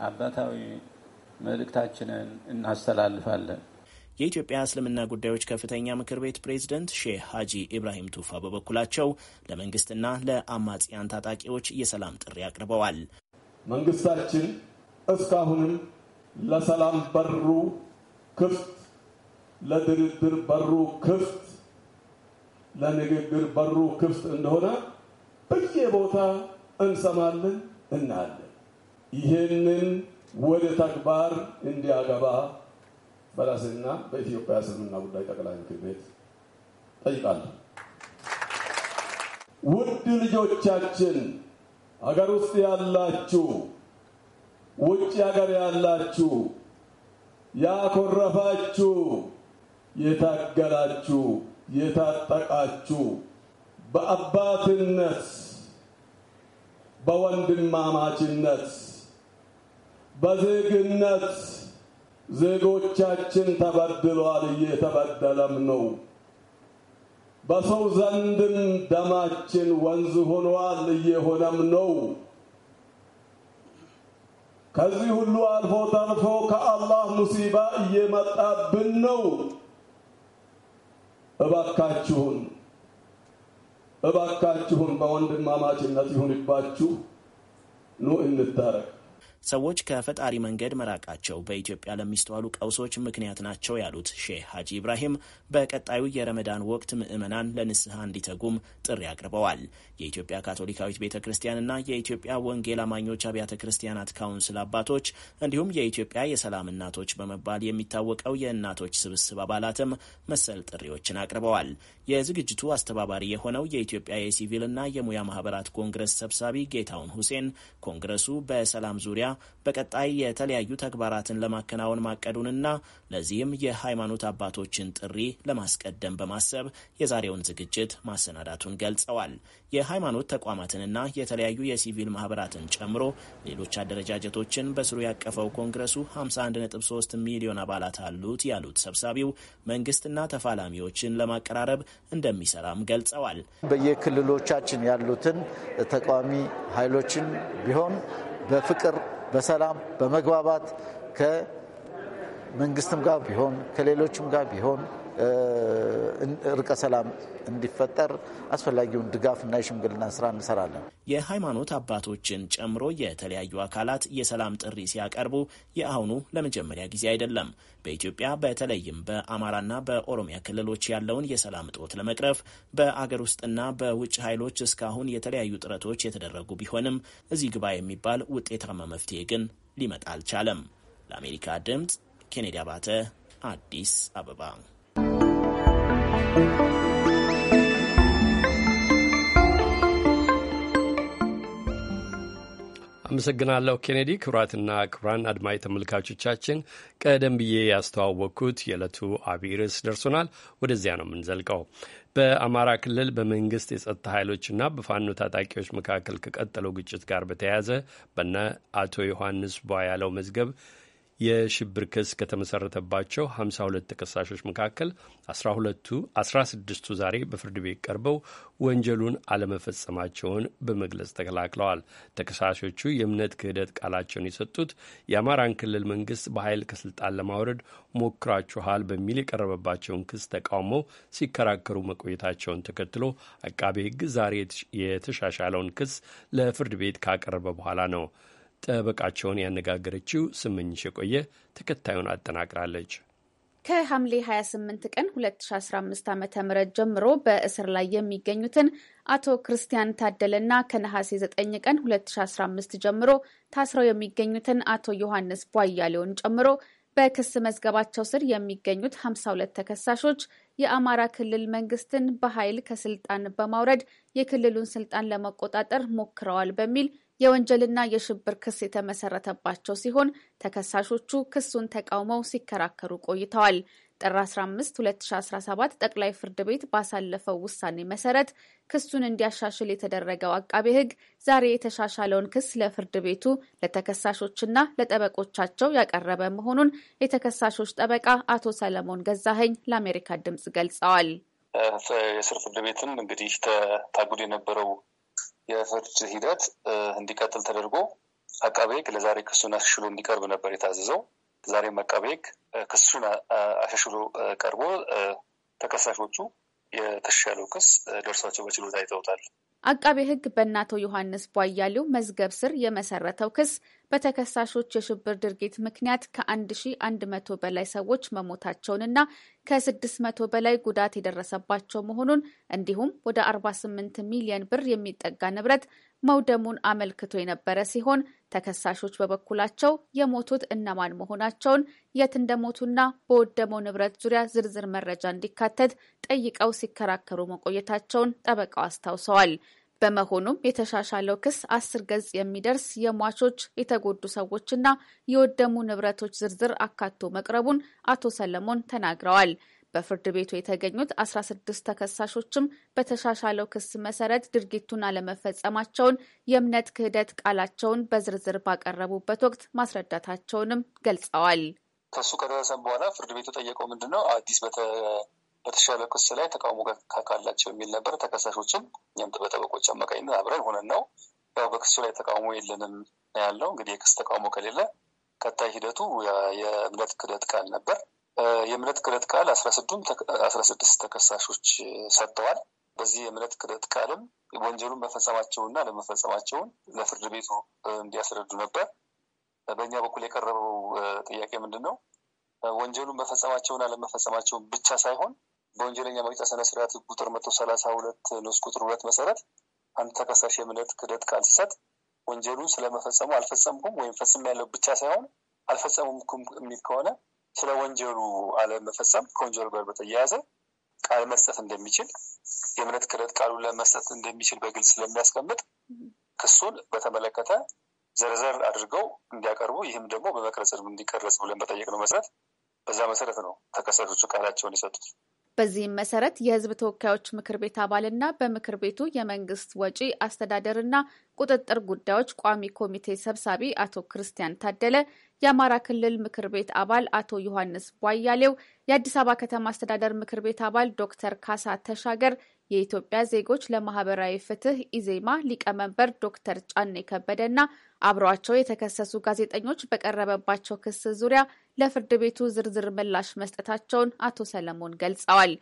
አባታዊ መልእክታችንን እናስተላልፋለን። የኢትዮጵያ እስልምና ጉዳዮች ከፍተኛ ምክር ቤት ፕሬዝደንት ሼህ ሀጂ ኢብራሂም ቱፋ በበኩላቸው ለመንግስትና ለአማጽያን ታጣቂዎች የሰላም ጥሪ አቅርበዋል። መንግስታችን እስካሁንም ለሰላም በሩ ክፍት፣ ለድርድር በሩ ክፍት ለንግግር በሩ ክፍት እንደሆነ በየቦታ እንሰማለን እናያለን። ይህንን ወደ ተግባር እንዲያገባ በራሴና በኢትዮጵያ እስልምና ጉዳይ ጠቅላይ ምክር ቤት ጠይቃለሁ። ውድ ልጆቻችን፣ ሀገር ውስጥ ያላችሁ፣ ውጭ ሀገር ያላችሁ፣ ያኮረፋችሁ፣ የታገላችሁ የታጠቃችሁ በአባትነት በወንድማማችነት በዜግነት ዜጎቻችን ተበድሏል፣ እየተበደለም ነው። በሰው ዘንድም ደማችን ወንዝ ሆኗል፣ እየሆነም ነው። ከዚህ ሁሉ አልፎ ተርፎ ከአላህ ሙሲባ እየመጣብን ነው። እባካችሁን እባካችሁን በወንድማማችነት ይሁንባችሁ ኑ እንታረቅ ሰዎች ከፈጣሪ መንገድ መራቃቸው በኢትዮጵያ ለሚስተዋሉ ቀውሶች ምክንያት ናቸው ያሉት ሼህ ሀጂ ኢብራሂም በቀጣዩ የረመዳን ወቅት ምዕመናን ለንስሐ እንዲተጉም ጥሪ አቅርበዋል። የኢትዮጵያ ካቶሊካዊት ቤተ ክርስቲያንና የኢትዮጵያ ወንጌል አማኞች አብያተ ክርስቲያናት ካውንስል አባቶች እንዲሁም የኢትዮጵያ የሰላም እናቶች በመባል የሚታወቀው የእናቶች ስብስብ አባላትም መሰል ጥሪዎችን አቅርበዋል። የዝግጅቱ አስተባባሪ የሆነው የኢትዮጵያ የሲቪልና የሙያ ማህበራት ኮንግረስ ሰብሳቢ ጌታውን ሁሴን ኮንግረሱ በሰላም ዙሪያ በቀጣይ የተለያዩ ተግባራትን ለማከናወን ማቀዱንና ለዚህም የሃይማኖት አባቶችን ጥሪ ለማስቀደም በማሰብ የዛሬውን ዝግጅት ማሰናዳቱን ገልጸዋል። የሃይማኖት ተቋማትንና የተለያዩ የሲቪል ማህበራትን ጨምሮ ሌሎች አደረጃጀቶችን በስሩ ያቀፈው ኮንግረሱ 513 ሚሊዮን አባላት አሉት ያሉት ሰብሳቢው መንግስትና ተፋላሚዎችን ለማቀራረብ እንደሚሰራም ገልጸዋል። በየክልሎቻችን ያሉትን ተቃዋሚ ኃይሎችን ቢሆን በፍቅር በሰላም በመግባባት ከመንግስትም ጋር ቢሆን ከሌሎችም ጋር ቢሆን እርቀ ሰላም እንዲፈጠር አስፈላጊውን ድጋፍና የሽምግልና ስራ እንሰራለን። የሃይማኖት አባቶችን ጨምሮ የተለያዩ አካላት የሰላም ጥሪ ሲያቀርቡ የአሁኑ ለመጀመሪያ ጊዜ አይደለም። በኢትዮጵያ በተለይም በአማራና በኦሮሚያ ክልሎች ያለውን የሰላም እጦት ለመቅረፍ በአገር ውስጥና በውጭ ኃይሎች እስካሁን የተለያዩ ጥረቶች የተደረጉ ቢሆንም እዚህ ግባ የሚባል ውጤታማ መፍትሄ ግን ሊመጣ አልቻለም። ለአሜሪካ ድምፅ ኬኔዲ አባተ አዲስ አበባ አመሰግናለሁ ኬኔዲ። ክቡራትና ክቡራን አድማጭ ተመልካቾቻችን ቀደም ብዬ ያስተዋወቅኩት የዕለቱ አብይ ርዕስ ደርሶናል። ወደዚያ ነው የምንዘልቀው። በአማራ ክልል በመንግስት የጸጥታ ኃይሎችና በፋኖ ታጣቂዎች መካከል ከቀጠለው ግጭት ጋር በተያያዘ በነ አቶ ዮሐንስ ቧ ያለው መዝገብ የሽብር ክስ ከተመሰረተባቸው 52 ተከሳሾች መካከል 12ቱ 16ቱ ዛሬ በፍርድ ቤት ቀርበው ወንጀሉን አለመፈጸማቸውን በመግለጽ ተከላክለዋል። ተከሳሾቹ የእምነት ክህደት ቃላቸውን የሰጡት የአማራን ክልል መንግስት በኃይል ከስልጣን ለማውረድ ሞክራችኋል በሚል የቀረበባቸውን ክስ ተቃውመው ሲከራከሩ መቆየታቸውን ተከትሎ አቃቤ ሕግ ዛሬ የተሻሻለውን ክስ ለፍርድ ቤት ካቀረበ በኋላ ነው። ጠበቃቸውን ያነጋገረችው ስምኝሽ የቆየ ተከታዩን አጠናቅራለች። ከሐምሌ 28 ቀን 2015 ዓ ም ጀምሮ በእስር ላይ የሚገኙትን አቶ ክርስቲያን ታደለና ከነሐሴ 9 ቀን 2015 ጀምሮ ታስረው የሚገኙትን አቶ ዮሐንስ ቧያሌውን ጨምሮ በክስ መዝገባቸው ስር የሚገኙት 52 ተከሳሾች የአማራ ክልል መንግስትን በኃይል ከስልጣን በማውረድ የክልሉን ስልጣን ለመቆጣጠር ሞክረዋል በሚል የወንጀልና የሽብር ክስ የተመሰረተባቸው ሲሆን ተከሳሾቹ ክሱን ተቃውመው ሲከራከሩ ቆይተዋል። ጥር 15 2017 ጠቅላይ ፍርድ ቤት ባሳለፈው ውሳኔ መሰረት ክሱን እንዲያሻሽል የተደረገው አቃቤ ሕግ ዛሬ የተሻሻለውን ክስ ለፍርድ ቤቱ ለተከሳሾችና ለጠበቆቻቸው ያቀረበ መሆኑን የተከሳሾች ጠበቃ አቶ ሰለሞን ገዛኸኝ ለአሜሪካ ድምጽ ገልጸዋል። የስር ፍርድ ቤትም እንግዲህ ታጉድ የነበረው የፍርድ ሂደት እንዲቀጥል ተደርጎ አቃቤ ሕግ ለዛሬ ክሱን አሻሽሎ እንዲቀርብ ነበር የታዘዘው። ዛሬም አቃቤ ሕግ ክሱን አሻሽሎ ቀርቦ ተከሳሾቹ የተሻለው ክስ ደርሷቸው በችሎታ አይተውታል። አቃቤ ሕግ በእነ አቶ ዮሐንስ ቧያሌው መዝገብ ስር የመሰረተው ክስ በተከሳሾች የሽብር ድርጊት ምክንያት ከ1100 በላይ ሰዎች መሞታቸውንና ከ600 በላይ ጉዳት የደረሰባቸው መሆኑን እንዲሁም ወደ 48 ሚሊየን ብር የሚጠጋ ንብረት መውደሙን አመልክቶ የነበረ ሲሆን ተከሳሾች በበኩላቸው የሞቱት እነማን መሆናቸውን፣ የት እንደሞቱና በወደመው ንብረት ዙሪያ ዝርዝር መረጃ እንዲካተት ጠይቀው ሲከራከሩ መቆየታቸውን ጠበቃው አስታውሰዋል። በመሆኑም የተሻሻለው ክስ አስር ገጽ የሚደርስ የሟቾች የተጎዱ ሰዎችና የወደሙ ንብረቶች ዝርዝር አካቶ መቅረቡን አቶ ሰለሞን ተናግረዋል። በፍርድ ቤቱ የተገኙት 16 ተከሳሾችም በተሻሻለው ክስ መሰረት ድርጊቱን አለመፈጸማቸውን የእምነት ክህደት ቃላቸውን በዝርዝር ባቀረቡበት ወቅት ማስረዳታቸውንም ገልጸዋል። ከሱ ከደረሰም በኋላ ፍርድ ቤቱ ጠየቀው ምንድን ነው አዲስ በተሻለ ክስ ላይ ተቃውሞ ካላቸው የሚል ነበር። ተከሳሾችም እኛም በጠበቆች አማካኝነት አብረን ሆነን ነው ያው በክሱ ላይ ተቃውሞ የለንም ያለው። እንግዲህ የክስ ተቃውሞ ከሌለ ቀጣይ ሂደቱ የእምነት ክደት ቃል ነበር። የእምነት ክደት ቃል አስራ ስድስት ተከሳሾች ሰጥተዋል። በዚህ የእምነት ክደት ቃልም ወንጀሉን መፈጸማቸውንና ለመፈጸማቸውን ለፍርድ ቤቱ እንዲያስረዱ ነበር። በእኛ በኩል የቀረበው ጥያቄ ምንድን ነው? ወንጀሉን መፈጸማቸውና ለመፈጸማቸውን ብቻ ሳይሆን በወንጀለኛ መቅጫ ስነ ስርዓት ቁጥር መቶ ሰላሳ ሁለት ንዑስ ቁጥር ሁለት መሰረት አንድ ተከሳሽ የእምነት ክደት ቃል ሲሰጥ ወንጀሉ ስለመፈጸሙ አልፈጸምኩም ወይም ፈጽም ያለው ብቻ ሳይሆን አልፈጸሙም የሚል ከሆነ ስለ ወንጀሉ አለመፈጸም ከወንጀሉ ጋር በተያያዘ ቃል መስጠት እንደሚችል የእምነት ክደት ቃሉን ለመስጠት እንደሚችል በግልጽ ስለሚያስቀምጥ ክሱን በተመለከተ ዘርዘር አድርገው እንዲያቀርቡ ይህም ደግሞ በመቅረጽ እንዲቀረጽ ብለን በጠየቅነው መሰረት በዛ መሰረት ነው ተከሳሾቹ ቃላቸውን የሰጡት። በዚህም መሰረት የህዝብ ተወካዮች ምክር ቤት አባልና በምክር ቤቱ የመንግስት ወጪ አስተዳደርና ቁጥጥር ጉዳዮች ቋሚ ኮሚቴ ሰብሳቢ አቶ ክርስቲያን ታደለ፣ የአማራ ክልል ምክር ቤት አባል አቶ ዮሐንስ ቧያሌው፣ የአዲስ አበባ ከተማ አስተዳደር ምክር ቤት አባል ዶክተር ካሳ ተሻገር፣ የኢትዮጵያ ዜጎች ለማህበራዊ ፍትህ ኢዜማ ሊቀመንበር ዶክተር ጫኔ ከበደና አብረዋቸው የተከሰሱ ጋዜጠኞች በቀረበባቸው ክስ ዙሪያ ለፍርድ ቤቱ ዝርዝር ምላሽ መስጠታቸውን አቶ ሰለሞን ገልጸዋል።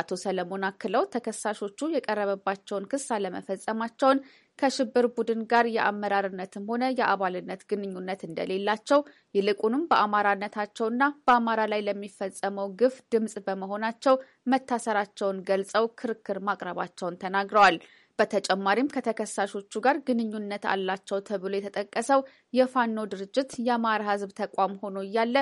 አቶ ሰለሞን አክለው ተከሳሾቹ የቀረበባቸውን ክስ አለመፈጸማቸውን ከሽብር ቡድን ጋር የአመራርነትም ሆነ የአባልነት ግንኙነት እንደሌላቸው ይልቁንም በአማራነታቸውና በአማራ ላይ ለሚፈጸመው ግፍ ድምፅ በመሆናቸው መታሰራቸውን ገልጸው ክርክር ማቅረባቸውን ተናግረዋል። በተጨማሪም ከተከሳሾቹ ጋር ግንኙነት አላቸው ተብሎ የተጠቀሰው የፋኖ ድርጅት የአማራ ሕዝብ ተቋም ሆኖ እያለ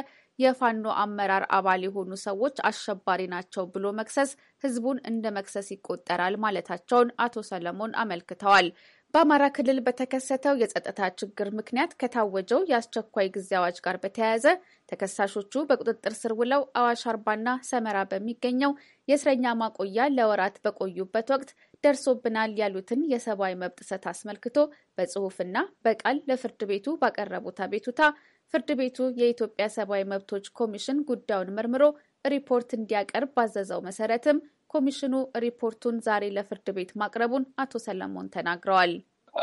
የፋኖ አመራር አባል የሆኑ ሰዎች አሸባሪ ናቸው ብሎ መክሰስ ሕዝቡን እንደ መክሰስ ይቆጠራል ማለታቸውን አቶ ሰለሞን አመልክተዋል። በአማራ ክልል በተከሰተው የጸጥታ ችግር ምክንያት ከታወጀው የአስቸኳይ ጊዜ አዋጅ ጋር በተያያዘ ተከሳሾቹ በቁጥጥር ስር ውለው አዋሽ አርባና ሰመራ በሚገኘው የእስረኛ ማቆያ ለወራት በቆዩበት ወቅት ደርሶብናል ያሉትን የሰብአዊ መብት ጥሰት አስመልክቶ በጽሁፍና በቃል ለፍርድ ቤቱ ባቀረቡት አቤቱታ ፍርድ ቤቱ የኢትዮጵያ ሰብአዊ መብቶች ኮሚሽን ጉዳዩን መርምሮ ሪፖርት እንዲያቀርብ ባዘዘው መሰረትም ኮሚሽኑ ሪፖርቱን ዛሬ ለፍርድ ቤት ማቅረቡን አቶ ሰለሞን ተናግረዋል።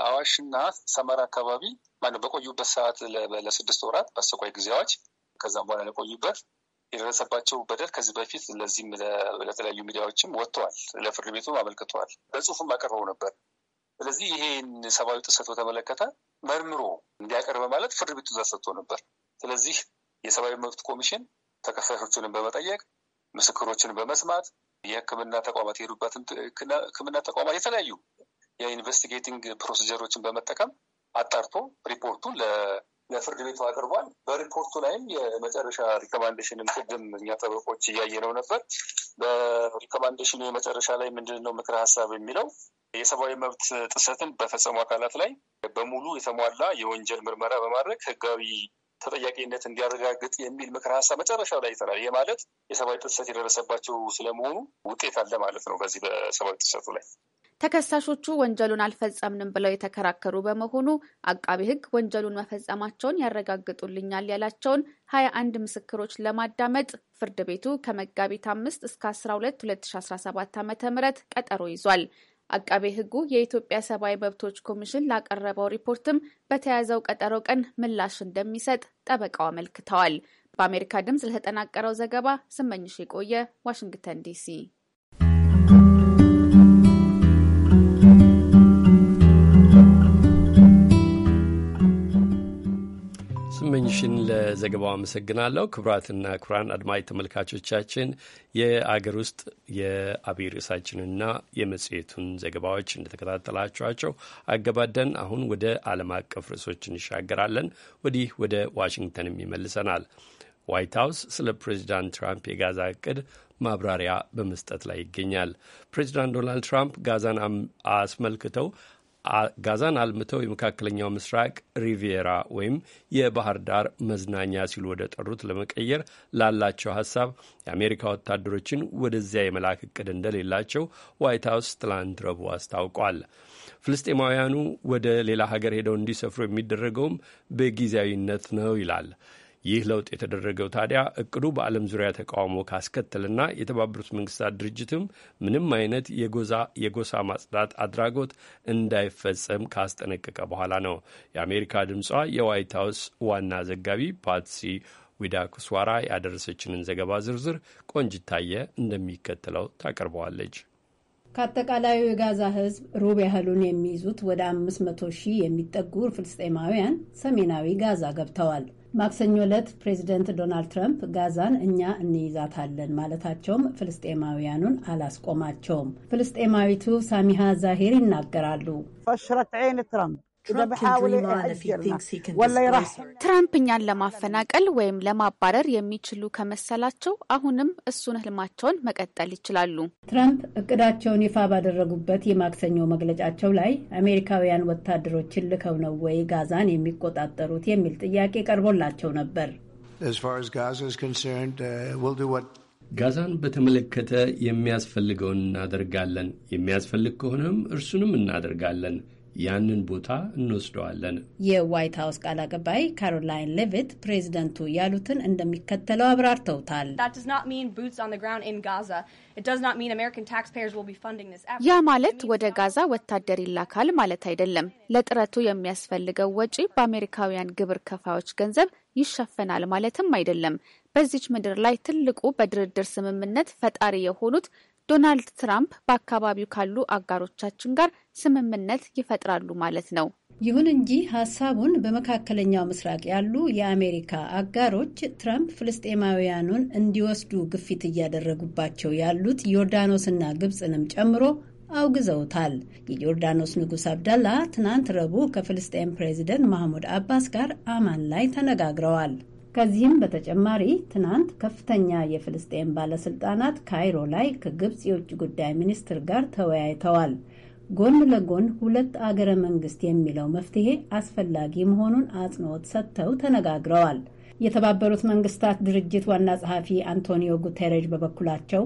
አዋሽና ሰመራ አካባቢ በቆዩበት ሰዓት ለስድስት ወራት በአሰቃቂ ጊዜያዎች ከዛም በኋላ ለቆዩበት የደረሰባቸው በደል ከዚህ በፊት ለዚህም ለተለያዩ ሚዲያዎችም ወጥተዋል፣ ለፍርድ ቤቱም አመልክተዋል፣ በጽሁፍም አቀርበው ነበር። ስለዚህ ይሄን ሰብአዊ ጥሰት በተመለከተ መርምሮ እንዲያቀርበ ማለት ፍርድ ቤቱ ትዕዛዝ ሰጥቶ ነበር። ስለዚህ የሰብአዊ መብት ኮሚሽን ተከሳሾችንም በመጠየቅ ምስክሮችን በመስማት የሕክምና ተቋማት የሄዱበትን ሕክምና ተቋማት የተለያዩ የኢንቨስቲጌቲንግ ፕሮሲጀሮችን በመጠቀም አጣርቶ ሪፖርቱን ለፍርድ ቤቱ አቅርቧል። በሪፖርቱ ላይም የመጨረሻ ሪኮማንዴሽንም ቅድም እኛ ጠበቆች እያየነው ነበር። በሪኮማንዴሽኑ የመጨረሻ ላይ ምንድን ነው ምክረ ሀሳብ የሚለው የሰብአዊ መብት ጥሰትን በፈጸሙ አካላት ላይ በሙሉ የተሟላ የወንጀል ምርመራ በማድረግ ህጋዊ ተጠያቂነት እንዲያረጋግጥ የሚል ምክረ ሀሳብ መጨረሻው ላይ ይጠናል። ይህ ማለት የሰብአዊ ጥሰት የደረሰባቸው ስለመሆኑ ውጤት አለ ማለት ነው በዚህ በሰብአዊ ጥሰቱ ላይ ተከሳሾቹ ወንጀሉን አልፈጸምንም ብለው የተከራከሩ በመሆኑ አቃቢ ሕግ ወንጀሉን መፈጸማቸውን ያረጋግጡልኛል ያላቸውን ሀያ አንድ ምስክሮች ለማዳመጥ ፍርድ ቤቱ ከመጋቢት አምስት እስከ አስራ ሁለት ሁለት ሺ አስራ ሰባት ዓመተ ምህረት ቀጠሮ ይዟል። አቃቤ ሕጉ የኢትዮጵያ ሰብአዊ መብቶች ኮሚሽን ላቀረበው ሪፖርትም በተያዘው ቀጠሮ ቀን ምላሽ እንደሚሰጥ ጠበቃው አመልክተዋል። በአሜሪካ ድምፅ ለተጠናቀረው ዘገባ ስመኝሽ የቆየ ዋሽንግተን ዲሲ። ስመኝሽን ለዘገባው አመሰግናለሁ። ክቡራትና ክቡራን አድማጭ ተመልካቾቻችን የአገር ውስጥ የአብይ ርዕሳችንና የመጽሔቱን ዘገባዎች እንደተከታተላችኋቸው አገባደን አሁን ወደ ዓለም አቀፍ ርዕሶች እንሻገራለን። ወዲህ ወደ ዋሽንግተንም ይመልሰናል። ዋይት ሀውስ ስለ ፕሬዚዳንት ትራምፕ የጋዛ እቅድ ማብራሪያ በመስጠት ላይ ይገኛል። ፕሬዚዳንት ዶናልድ ትራምፕ ጋዛን አስመልክተው ጋዛን አልምተው የመካከለኛው ምስራቅ ሪቪየራ ወይም የባህር ዳር መዝናኛ ሲሉ ወደ ጠሩት ለመቀየር ላላቸው ሀሳብ የአሜሪካ ወታደሮችን ወደዚያ የመላክ እቅድ እንደሌላቸው ዋይት ሀውስ ትላንት ረቡዕ አስታውቋል። ፍልስጤማውያኑ ወደ ሌላ ሀገር ሄደው እንዲሰፍሩ የሚደረገውም በጊዜያዊነት ነው ይላል። ይህ ለውጥ የተደረገው ታዲያ እቅዱ በዓለም ዙሪያ ተቃውሞ ካስከተልና የተባበሩት መንግስታት ድርጅትም ምንም አይነት የጎሳ ማጽዳት አድራጎት እንዳይፈጸም ካስጠነቀቀ በኋላ ነው። የአሜሪካ ድምጿ የዋይት ሀውስ ዋና ዘጋቢ ፓትሲ ኩስዋራ ያደረሰችንን ዘገባ ዝርዝር ቆንጅታየ እንደሚከተለው ታቀርበዋለች። ከአጠቃላዩ የጋዛ ህዝብ ሩብ ያህሉን የሚይዙት ወደ አምስት መቶ ሺህ የሚጠጉ ፍልስጤማውያን ሰሜናዊ ጋዛ ገብተዋል። ማክሰኞ ዕለት ፕሬዚደንት ዶናልድ ትራምፕ ጋዛን እኛ እንይዛታለን ማለታቸውም ፍልስጤማውያኑን አላስቆማቸውም። ፍልስጤማዊቱ ሳሚሃ ዛሄር ይናገራሉ። ፈሽረት ዐይን ትራምፕ ትራምፕ እኛን ለማፈናቀል ወይም ለማባረር የሚችሉ ከመሰላቸው አሁንም እሱን ህልማቸውን መቀጠል ይችላሉ። ትራምፕ እቅዳቸውን ይፋ ባደረጉበት የማክሰኞ መግለጫቸው ላይ አሜሪካውያን ወታደሮችን ልከው ነው ወይ ጋዛን የሚቆጣጠሩት የሚል ጥያቄ ቀርቦላቸው ነበር። uh, ጋዛን በተመለከተ የሚያስፈልገውን እናደርጋለን፣ የሚያስፈልግ ከሆነም እርሱንም እናደርጋለን ያንን ቦታ እንወስደዋለን። የዋይት ሀውስ ቃል አቀባይ ካሮላይን ሌቪት ፕሬዚደንቱ ያሉትን እንደሚከተለው አብራርተውታል። ያ ማለት ወደ ጋዛ ወታደር ይላካል ማለት አይደለም። ለጥረቱ የሚያስፈልገው ወጪ በአሜሪካውያን ግብር ከፋዮች ገንዘብ ይሸፈናል ማለትም አይደለም። በዚች ምድር ላይ ትልቁ በድርድር ስምምነት ፈጣሪ የሆኑት ዶናልድ ትራምፕ በአካባቢው ካሉ አጋሮቻችን ጋር ስምምነት ይፈጥራሉ ማለት ነው። ይሁን እንጂ ሀሳቡን በመካከለኛው ምስራቅ ያሉ የአሜሪካ አጋሮች ትራምፕ ፍልስጤማውያኑን እንዲወስዱ ግፊት እያደረጉባቸው ያሉት ዮርዳኖስና ግብፅንም ጨምሮ አውግዘውታል። የዮርዳኖስ ንጉሥ አብደላ ትናንት ረቡዕ ከፍልስጤም ፕሬዚደንት ማህሙድ አባስ ጋር አማን ላይ ተነጋግረዋል። ከዚህም በተጨማሪ ትናንት ከፍተኛ የፍልስጤም ባለስልጣናት ካይሮ ላይ ከግብፅ የውጭ ጉዳይ ሚኒስትር ጋር ተወያይተዋል። ጎን ለጎን ሁለት አገረ መንግስት የሚለው መፍትሄ አስፈላጊ መሆኑን አጽንኦት ሰጥተው ተነጋግረዋል። የተባበሩት መንግስታት ድርጅት ዋና ጸሐፊ አንቶኒዮ ጉቴሬጅ በበኩላቸው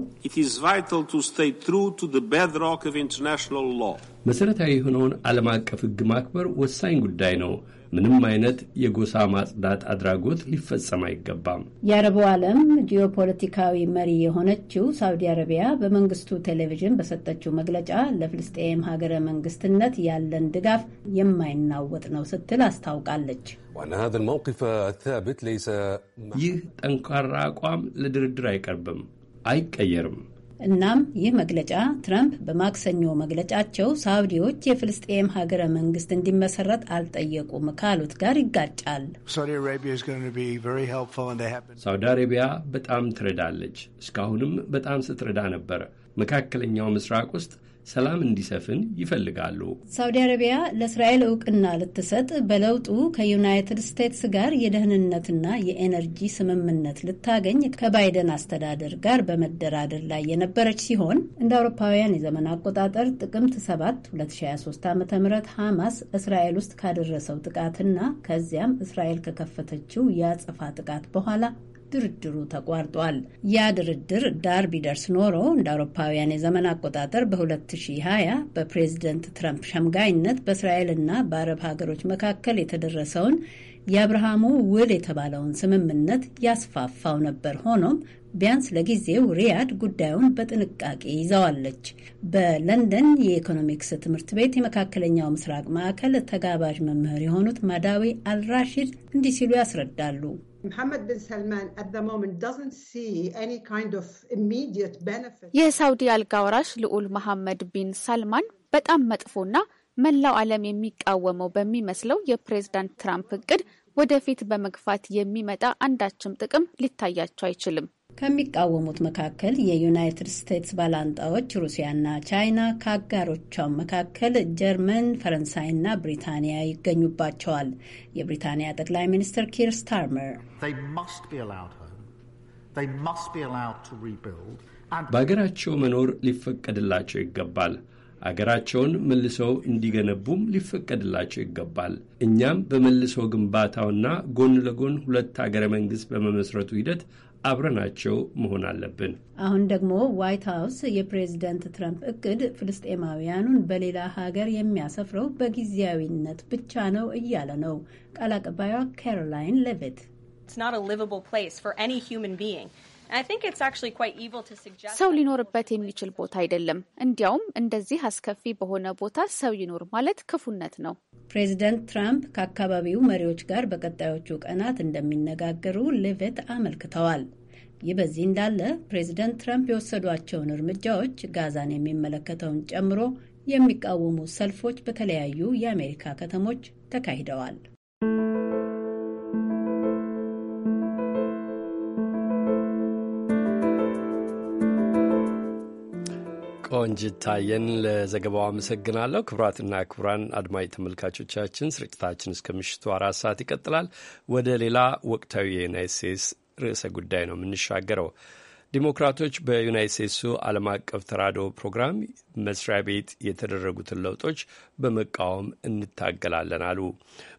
መሠረታዊ የሆነውን ዓለም አቀፍ ሕግ ማክበር ወሳኝ ጉዳይ ነው። ምንም አይነት የጎሳ ማጽዳት አድራጎት ሊፈጸም አይገባም። የአረቡ ዓለም ጂኦፖለቲካዊ መሪ የሆነችው ሳውዲ አረቢያ በመንግስቱ ቴሌቪዥን በሰጠችው መግለጫ ለፍልስጤም ሀገረ መንግስትነት ያለን ድጋፍ የማይናወጥ ነው ስትል አስታውቃለች። ይህ ጠንካራ አቋም ለድርድር አይቀርብም፣ አይቀየርም። እናም ይህ መግለጫ ትራምፕ በማክሰኞ መግለጫቸው ሳውዲዎች የፍልስጤም ሀገረ መንግስት እንዲመሰረት አልጠየቁም ካሉት ጋር ይጋጫል። ሳውዲ አረቢያ በጣም ትረዳለች፣ እስካሁንም በጣም ስትረዳ ነበር። መካከለኛው ምስራቅ ውስጥ ሰላም እንዲሰፍን ይፈልጋሉ። ሳውዲ አረቢያ ለእስራኤል እውቅና ልትሰጥ በለውጡ ከዩናይትድ ስቴትስ ጋር የደህንነትና የኤነርጂ ስምምነት ልታገኝ ከባይደን አስተዳደር ጋር በመደራደር ላይ የነበረች ሲሆን እንደ አውሮፓውያን የዘመን አቆጣጠር ጥቅምት 7 2023 ዓ ም ሐማስ እስራኤል ውስጥ ካደረሰው ጥቃትና ከዚያም እስራኤል ከከፈተችው የአጸፋ ጥቃት በኋላ ድርድሩ ተቋርጧል። ያ ድርድር ዳር ቢደርስ ኖሮ እንደ አውሮፓውያን የዘመን አቆጣጠር በ2020 በፕሬዝደንት ትራምፕ ሸምጋይነት በእስራኤልና በአረብ ሀገሮች መካከል የተደረሰውን የአብርሃሙ ውል የተባለውን ስምምነት ያስፋፋው ነበር። ሆኖም ቢያንስ ለጊዜው ሪያድ ጉዳዩን በጥንቃቄ ይዘዋለች። በለንደን የኢኮኖሚክስ ትምህርት ቤት የመካከለኛው ምስራቅ ማዕከል ተጋባዥ መምህር የሆኑት ማዳዊ አልራሺድ እንዲህ ሲሉ ያስረዳሉ። የሳውዲ አልጋ ወራሽ ልዑል መሐመድ ቢን ሳልማን በጣም መጥፎና መላው ዓለም የሚቃወመው በሚመስለው የፕሬዝዳንት ትራምፕ እቅድ ወደፊት በመግፋት የሚመጣ አንዳችም ጥቅም ሊታያቸው አይችልም። ከሚቃወሙት መካከል የዩናይትድ ስቴትስ ባላንጣዎች ሩሲያና ቻይና፣ ከአጋሮቿ መካከል ጀርመን፣ ፈረንሳይና ብሪታንያ ይገኙባቸዋል። የብሪታንያ ጠቅላይ ሚኒስትር ኪር ስታርመር በሀገራቸው መኖር ሊፈቀድላቸው ይገባል። አገራቸውን መልሰው እንዲገነቡም ሊፈቀድላቸው ይገባል። እኛም በመልሶ ግንባታውና ጎን ለጎን ሁለት አገረ መንግሥት በመመስረቱ ሂደት አብረናቸው መሆን አለብን። አሁን ደግሞ ዋይት ሀውስ የፕሬዝደንት ትረምፕ እቅድ ፍልስጤማውያኑን በሌላ ሀገር የሚያሰፍረው በጊዜያዊነት ብቻ ነው እያለ ነው። ቃል አቀባዩ ካሮላይን ሌቪት ሰው ሊኖርበት የሚችል ቦታ አይደለም። እንዲያውም እንደዚህ አስከፊ በሆነ ቦታ ሰው ይኖር ማለት ክፉነት ነው። ፕሬዚደንት ትራምፕ ከአካባቢው መሪዎች ጋር በቀጣዮቹ ቀናት እንደሚነጋገሩ ልቬት አመልክተዋል። ይህ በዚህ እንዳለ ፕሬዚደንት ትራምፕ የወሰዷቸውን እርምጃዎች ጋዛን የሚመለከተውን ጨምሮ የሚቃወሙ ሰልፎች በተለያዩ የአሜሪካ ከተሞች ተካሂደዋል። ቆንጅታየን ታየን ለዘገባው አመሰግናለሁ። ክቡራትና ክቡራን አድማጭ ተመልካቾቻችን ስርጭታችን እስከ ምሽቱ አራት ሰዓት ይቀጥላል። ወደ ሌላ ወቅታዊ የዩናይት ስቴትስ ርዕሰ ጉዳይ ነው የምንሻገረው። ዲሞክራቶች በዩናይት ስቴትሱ ዓለም አቀፍ ተራድኦ ፕሮግራም መስሪያ ቤት የተደረጉትን ለውጦች በመቃወም እንታገላለን አሉ።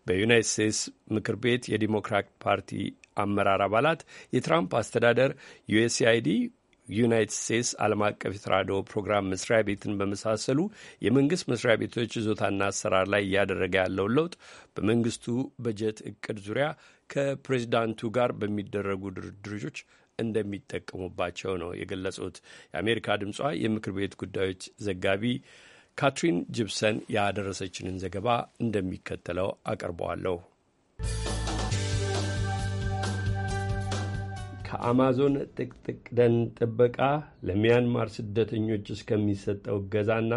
በዩናይት ስቴትስ ምክር ቤት የዲሞክራት ፓርቲ አመራር አባላት የትራምፕ አስተዳደር ዩኤስኤአይዲ ዩናይትድ ስቴትስ ዓለም አቀፍ የተራድኦ ፕሮግራም መስሪያ ቤትን በመሳሰሉ የመንግስት መስሪያ ቤቶች ይዞታና አሰራር ላይ እያደረገ ያለውን ለውጥ በመንግስቱ በጀት እቅድ ዙሪያ ከፕሬዚዳንቱ ጋር በሚደረጉ ድርድሮች እንደሚጠቀሙባቸው ነው የገለጹት። የአሜሪካ ድምጿ የምክር ቤት ጉዳዮች ዘጋቢ ካትሪን ጅብሰን ያደረሰችንን ዘገባ እንደሚከተለው አቀርበዋለሁ። ከአማዞን ጥቅጥቅ ደን ጥበቃ ለሚያንማር ስደተኞች እስከሚሰጠው እገዛና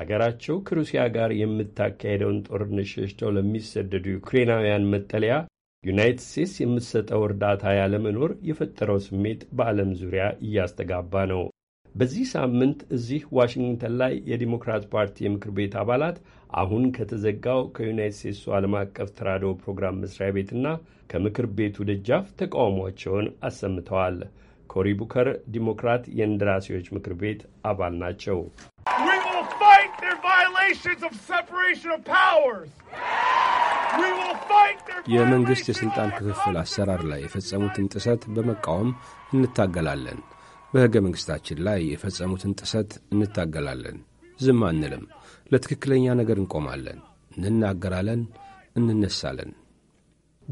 አገራቸው ከሩሲያ ጋር የምታካሄደውን ጦርነት ሸሽተው ለሚሰደዱ ዩክሬናውያን መጠለያ ዩናይትድ ስቴትስ የምትሰጠው እርዳታ ያለመኖር የፈጠረው ስሜት በዓለም ዙሪያ እያስተጋባ ነው። በዚህ ሳምንት እዚህ ዋሽንግተን ላይ የዲሞክራት ፓርቲ የምክር ቤት አባላት አሁን ከተዘጋው ከዩናይትድ ስቴትሱ ዓለም አቀፍ ተራድኦ ፕሮግራም መስሪያ ቤትና ከምክር ቤቱ ደጃፍ ተቃውሟቸውን አሰምተዋል። ኮሪ ቡከር ዲሞክራት የእንደራሴዎች ምክር ቤት አባል ናቸው። የመንግሥት የሥልጣን ክፍፍል አሰራር ላይ የፈጸሙትን ጥሰት በመቃወም እንታገላለን። በሕገ መንግሥታችን ላይ የፈጸሙትን ጥሰት እንታገላለን። ዝም አንልም። ለትክክለኛ ነገር እንቆማለን፣ እንናገራለን፣ እንነሳለን።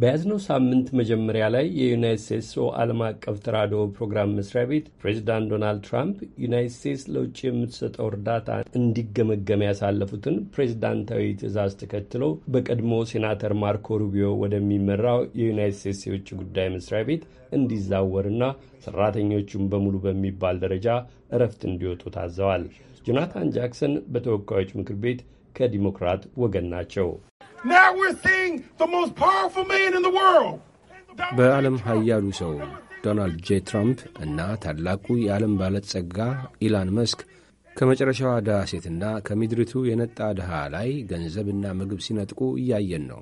በያዝነው ሳምንት መጀመሪያ ላይ የዩናይት ስቴትስ ዓለም አቀፍ ተራድኦ ፕሮግራም መስሪያ ቤት ፕሬዚዳንት ዶናልድ ትራምፕ ዩናይት ስቴትስ ለውጭ የምትሰጠው እርዳታ እንዲገመገም ያሳለፉትን ፕሬዚዳንታዊ ትዕዛዝ ተከትሎ በቀድሞ ሴናተር ማርኮ ሩቢዮ ወደሚመራው የዩናይት ስቴትስ የውጭ ጉዳይ መስሪያ ቤት እንዲዛወርና ሰራተኞቹን በሙሉ በሚባል ደረጃ እረፍት እንዲወጡ ታዘዋል። ጆናታን ጃክሰን በተወካዮች ምክር ቤት ከዲሞክራት ወገን ናቸው። በዓለም ሀያሉ ሰው ዶናልድ ጄ ትራምፕ እና ታላቁ የዓለም ባለጸጋ ኢላን መስክ ከመጨረሻዋ ድሃ ሴትና ከምድሪቱ የነጣ ድሃ ላይ ገንዘብና ምግብ ሲነጥቁ እያየን ነው።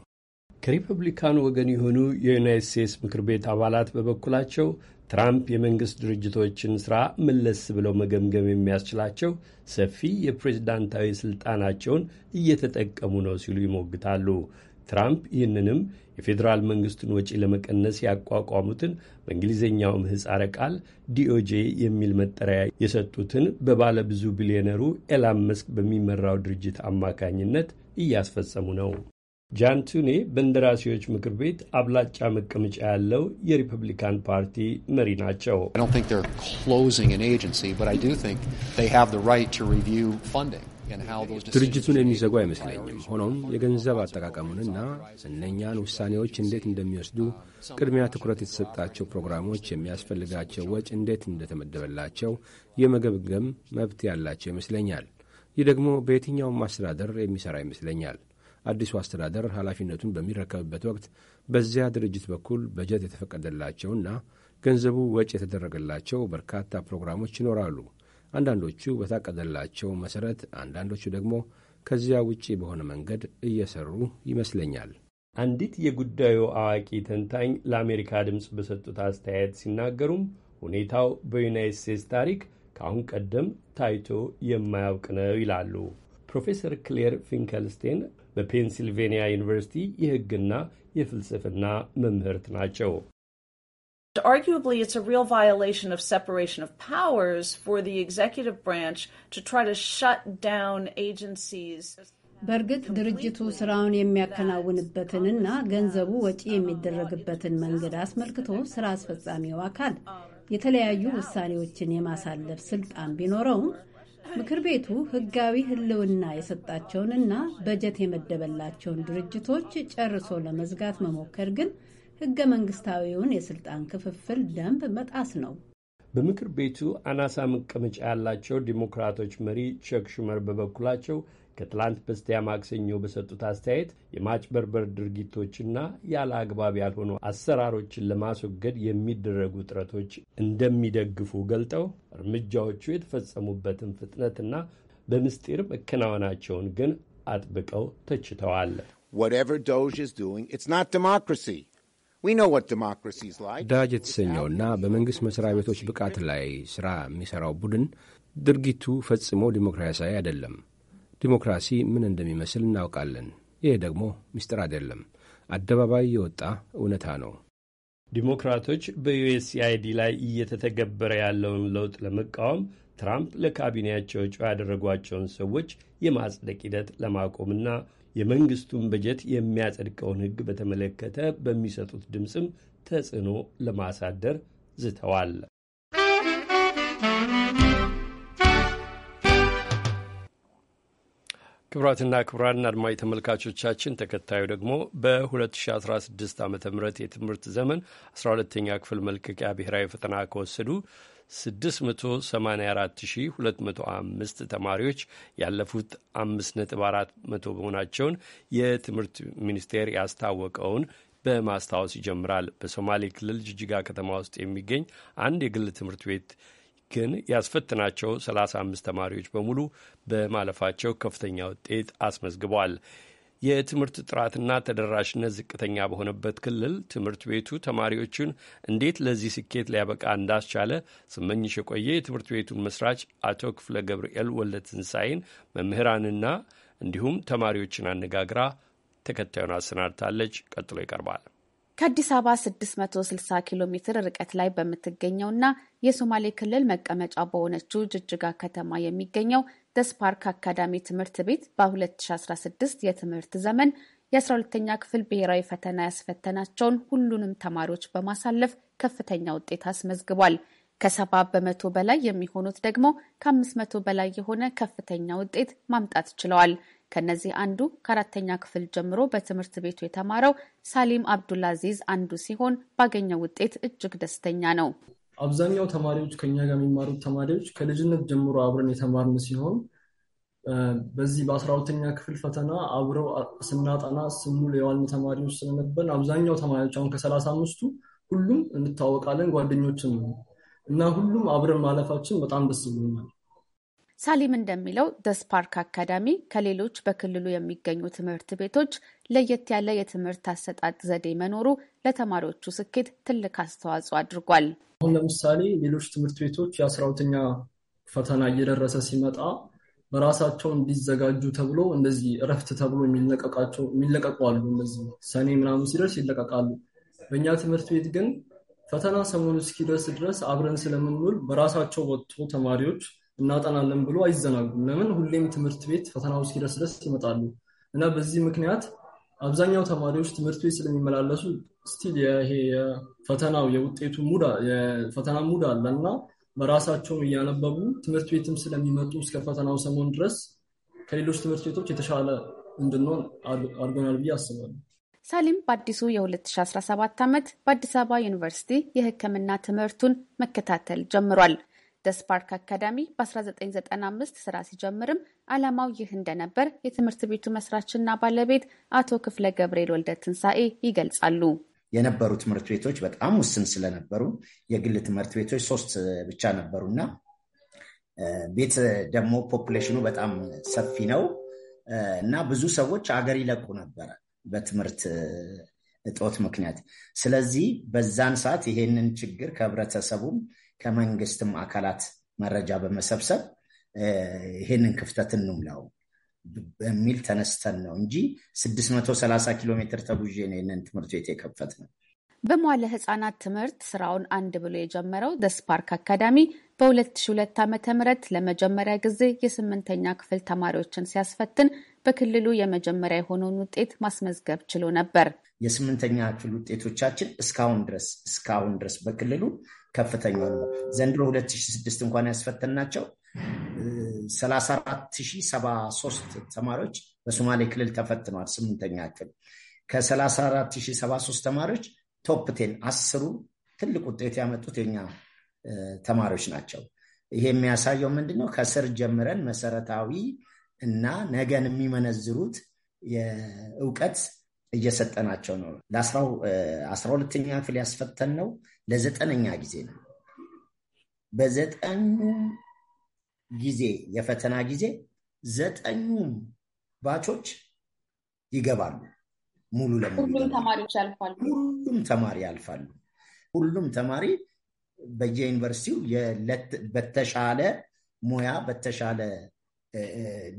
ከሪፐብሊካን ወገን የሆኑ የዩናይት ስቴትስ ምክር ቤት አባላት በበኩላቸው ትራምፕ የመንግሥት ድርጅቶችን ሥራ መለስ ብለው መገምገም የሚያስችላቸው ሰፊ የፕሬዝዳንታዊ ሥልጣናቸውን እየተጠቀሙ ነው ሲሉ ይሞግታሉ። ትራምፕ ይህንንም የፌዴራል መንግስቱን ወጪ ለመቀነስ ያቋቋሙትን በእንግሊዝኛው ምህጻረ ቃል ዲኦጄ የሚል መጠሪያ የሰጡትን በባለብዙ ቢሊዮነሩ ኤላን መስክ በሚመራው ድርጅት አማካኝነት እያስፈጸሙ ነው። ጃንቱኔ በእንደራሴዎች ምክር ቤት አብላጫ መቀመጫ ያለው የሪፐብሊካን ፓርቲ መሪ ናቸው። ድርጅቱን የሚዘጉ አይመስለኝም። ሆኖም የገንዘብ አጠቃቀሙንና እነኛን ውሳኔዎች እንዴት እንደሚወስዱ፣ ቅድሚያ ትኩረት የተሰጣቸው ፕሮግራሞች የሚያስፈልጋቸው ወጪ እንዴት እንደተመደበላቸው የመገብገም መብት ያላቸው ይመስለኛል። ይህ ደግሞ በየትኛውም አስተዳደር የሚሠራ ይመስለኛል። አዲሱ አስተዳደር ኃላፊነቱን በሚረከብበት ወቅት በዚያ ድርጅት በኩል በጀት የተፈቀደላቸውና ገንዘቡ ወጪ የተደረገላቸው በርካታ ፕሮግራሞች ይኖራሉ። አንዳንዶቹ በታቀደላቸው መሠረት፣ አንዳንዶቹ ደግሞ ከዚያ ውጪ በሆነ መንገድ እየሰሩ ይመስለኛል። አንዲት የጉዳዩ አዋቂ ተንታኝ ለአሜሪካ ድምፅ በሰጡት አስተያየት ሲናገሩም ሁኔታው በዩናይት ስቴትስ ታሪክ ከአሁን ቀደም ታይቶ የማያውቅ ነው ይላሉ። ፕሮፌሰር ክሌር ፊንከልስቴን በፔንሲልቬንያ ዩኒቨርሲቲ የሕግና የፍልስፍና መምህርት ናቸው። Arguably, it's a real violation of separation of powers for the executive branch to try to shut down agencies. በእርግጥ ድርጅቱ ስራውን የሚያከናውንበትንና ገንዘቡ ወጪ የሚደረግበትን መንገድ አስመልክቶ ስራ አስፈጻሚው አካል የተለያዩ ውሳኔዎችን የማሳለፍ ስልጣን ቢኖረውም ምክር ቤቱ ሕጋዊ ሕልውና የሰጣቸውንና በጀት የመደበላቸውን ድርጅቶች ጨርሶ ለመዝጋት መሞከር ግን ሕገ መንግስታዊውን የስልጣን ክፍፍል ደንብ መጣስ ነው። በምክር ቤቱ አናሳ መቀመጫ ያላቸው ዲሞክራቶች መሪ ቸክ ሹመር በበኩላቸው ከትላንት በስቲያ ማክሰኞ በሰጡት አስተያየት የማጭበርበር ድርጊቶችና ያለ አግባብ ያልሆኑ አሰራሮችን ለማስወገድ የሚደረጉ ጥረቶች እንደሚደግፉ ገልጠው እርምጃዎቹ የተፈጸሙበትን ፍጥነትና በምስጢር መከናወናቸውን ግን አጥብቀው ተችተዋል። ዳጅ የተሰኘውና በመንግሥት መሥሪያ ቤቶች ብቃት ላይ ሥራ የሚሠራው ቡድን ድርጊቱ ፈጽሞ ዲሞክራሲያዊ አይደለም። ዲሞክራሲ ምን እንደሚመስል እናውቃለን። ይህ ደግሞ ምስጢር አይደለም፣ አደባባይ የወጣ እውነታ ነው። ዲሞክራቶች በዩኤስኤአይዲ ላይ እየተተገበረ ያለውን ለውጥ ለመቃወም ትራምፕ ለካቢኔያቸው እጩ ያደረጓቸውን ሰዎች የማጽደቅ ሂደት ለማቆምና የመንግስቱን በጀት የሚያጸድቀውን ሕግ በተመለከተ በሚሰጡት ድምፅም ተጽዕኖ ለማሳደር ዝተዋል። ክቡራትና ክቡራን አድማጭ ተመልካቾቻችን ተከታዩ ደግሞ በ2016 ዓ ም የትምህርት ዘመን 12ተኛ ክፍል መልቀቂያ ብሔራዊ ፈተና ከወሰዱ 684205 ተማሪዎች ያለፉት 5.4 መቶ መሆናቸውን የትምህርት ሚኒስቴር ያስታወቀውን በማስታወስ ይጀምራል። በሶማሌ ክልል ጅጅጋ ከተማ ውስጥ የሚገኝ አንድ የግል ትምህርት ቤት ግን ያስፈትናቸው 35 ተማሪዎች በሙሉ በማለፋቸው ከፍተኛ ውጤት አስመዝግበዋል። የትምህርት ጥራትና ተደራሽነት ዝቅተኛ በሆነበት ክልል ትምህርት ቤቱ ተማሪዎቹን እንዴት ለዚህ ስኬት ሊያበቃ እንዳስቻለ ስመኝሽ የቆየ የትምህርት ቤቱን መስራች አቶ ክፍለ ገብርኤል ወልደ ትንሣኤን መምህራንና እንዲሁም ተማሪዎችን አነጋግራ ተከታዩን አሰናድታለች። ቀጥሎ ይቀርባል። ከአዲስ አበባ 660 ኪሎ ሜትር ርቀት ላይ በምትገኘውና የሶማሌ ክልል መቀመጫ በሆነችው ጅጅጋ ከተማ የሚገኘው ደስፓርክ አካዳሚ ትምህርት ቤት በ2016 የትምህርት ዘመን የ12ተኛ ክፍል ብሔራዊ ፈተና ያስፈተናቸውን ሁሉንም ተማሪዎች በማሳለፍ ከፍተኛ ውጤት አስመዝግቧል። ከሰባ በመቶ በላይ የሚሆኑት ደግሞ ከአምስት መቶ በላይ የሆነ ከፍተኛ ውጤት ማምጣት ችለዋል። ከነዚህ አንዱ ከአራተኛ ክፍል ጀምሮ በትምህርት ቤቱ የተማረው ሳሊም አብዱላዚዝ አንዱ ሲሆን ባገኘው ውጤት እጅግ ደስተኛ ነው። አብዛኛው ተማሪዎች ከኛ ጋር የሚማሩት ተማሪዎች ከልጅነት ጀምሮ አብረን የተማርን ሲሆን በዚህ በአስራ ሁለተኛ ክፍል ፈተና አብረው ስናጠና ስሙል የዋልን ተማሪዎች ስለነበርን አብዛኛው ተማሪዎች አሁን ከሰላሳ አምስቱ ሁሉም እንታወቃለን ጓደኞችን ነው እና ሁሉም አብረን ማለፋችን በጣም ደስ ብሎናል። ሳሊም እንደሚለው ደስፓርክ አካዳሚ ከሌሎች በክልሉ የሚገኙ ትምህርት ቤቶች ለየት ያለ የትምህርት አሰጣጥ ዘዴ መኖሩ ለተማሪዎቹ ስኬት ትልቅ አስተዋጽኦ አድርጓል። አሁን ለምሳሌ ሌሎች ትምህርት ቤቶች የአስራ ሁለተኛ ፈተና እየደረሰ ሲመጣ በራሳቸው እንዲዘጋጁ ተብሎ እንደዚህ እረፍት ተብሎ የሚለቀቃቸው የሚለቀቁ አሉ። እነዚህ ሰኔ ምናምን ሲደርስ ይለቀቃሉ። በእኛ ትምህርት ቤት ግን ፈተና ሰሞኑ እስኪደርስ ድረስ አብረን ስለምንውል በራሳቸው ወጥቶ ተማሪዎች እናጠናለን ብሎ አይዘናጉም። ለምን ሁሌም ትምህርት ቤት ፈተናው እስኪደርስ ድረስ ይመጣሉ እና በዚህ ምክንያት አብዛኛው ተማሪዎች ትምህርት ቤት ስለሚመላለሱ ስቲል ይሄ የፈተናው የውጤቱ የፈተና ሙድ አለ እና በራሳቸውም እያነበቡ ትምህርት ቤትም ስለሚመጡ እስከ ፈተናው ሰሞን ድረስ ከሌሎች ትምህርት ቤቶች የተሻለ እንድንሆን አድርጎናል ብዬ አስባለሁ። ሳሊም በአዲሱ የ2017 ዓመት በአዲስ አበባ ዩኒቨርሲቲ የሕክምና ትምህርቱን መከታተል ጀምሯል። ደስፓርክ አካዳሚ በ1995 ስራ ሲጀምርም ዓላማው ይህ እንደነበር የትምህርት ቤቱ መስራችና ባለቤት አቶ ክፍለ ገብርኤል ወልደ ትንሣኤ ይገልጻሉ። የነበሩ ትምህርት ቤቶች በጣም ውስን ስለነበሩ የግል ትምህርት ቤቶች ሶስት ብቻ ነበሩና ቤት ደግሞ ፖፕሌሽኑ በጣም ሰፊ ነው እና ብዙ ሰዎች አገር ይለቁ ነበረ በትምህርት እጦት ምክንያት። ስለዚህ በዛን ሰዓት ይሄንን ችግር ከህብረተሰቡም ከመንግስትም አካላት መረጃ በመሰብሰብ ይህንን ክፍተት እንሙላው በሚል ተነስተን ነው እንጂ 630 ኪሎ ሜትር ተጉዤ ነው ይህንን ትምህርት ቤት የከፈት ነው። በመዋለ ህጻናት ትምህርት ስራውን አንድ ብሎ የጀመረው ደስፓርክ አካዳሚ በ2002 ዓ ም ለመጀመሪያ ጊዜ የስምንተኛ ክፍል ተማሪዎችን ሲያስፈትን በክልሉ የመጀመሪያ የሆነውን ውጤት ማስመዝገብ ችሎ ነበር። የስምንተኛ ክፍል ውጤቶቻችን እስካሁን ድረስ እስካሁን ድረስ በክልሉ ከፍተኛ ነው። ዘንድሮ 2006 እንኳን ያስፈተናቸው 34073 ተማሪዎች በሶማሌ ክልል ተፈትነዋል። ስምንተኛ ክል ከ34073 ተማሪዎች ቶፕቴን አስሩ ትልቅ ውጤት ያመጡት የኛ ተማሪዎች ናቸው። ይሄ የሚያሳየው ምንድነው? ከስር ጀምረን መሰረታዊ እና ነገን የሚመነዝሩት የእውቀት እየሰጠናቸው ነው። ለአስራ ሁለተኛ ክፍል ያስፈተን ነው ለዘጠነኛ ጊዜ ነው። በዘጠኙም ጊዜ የፈተና ጊዜ ዘጠኙም ባቾች ይገባሉ። ሙሉ ለሙሉ ሁሉም ተማሪ ያልፋሉ። ሁሉም ተማሪ በየዩኒቨርሲቲው በተሻለ ሙያ በተሻለ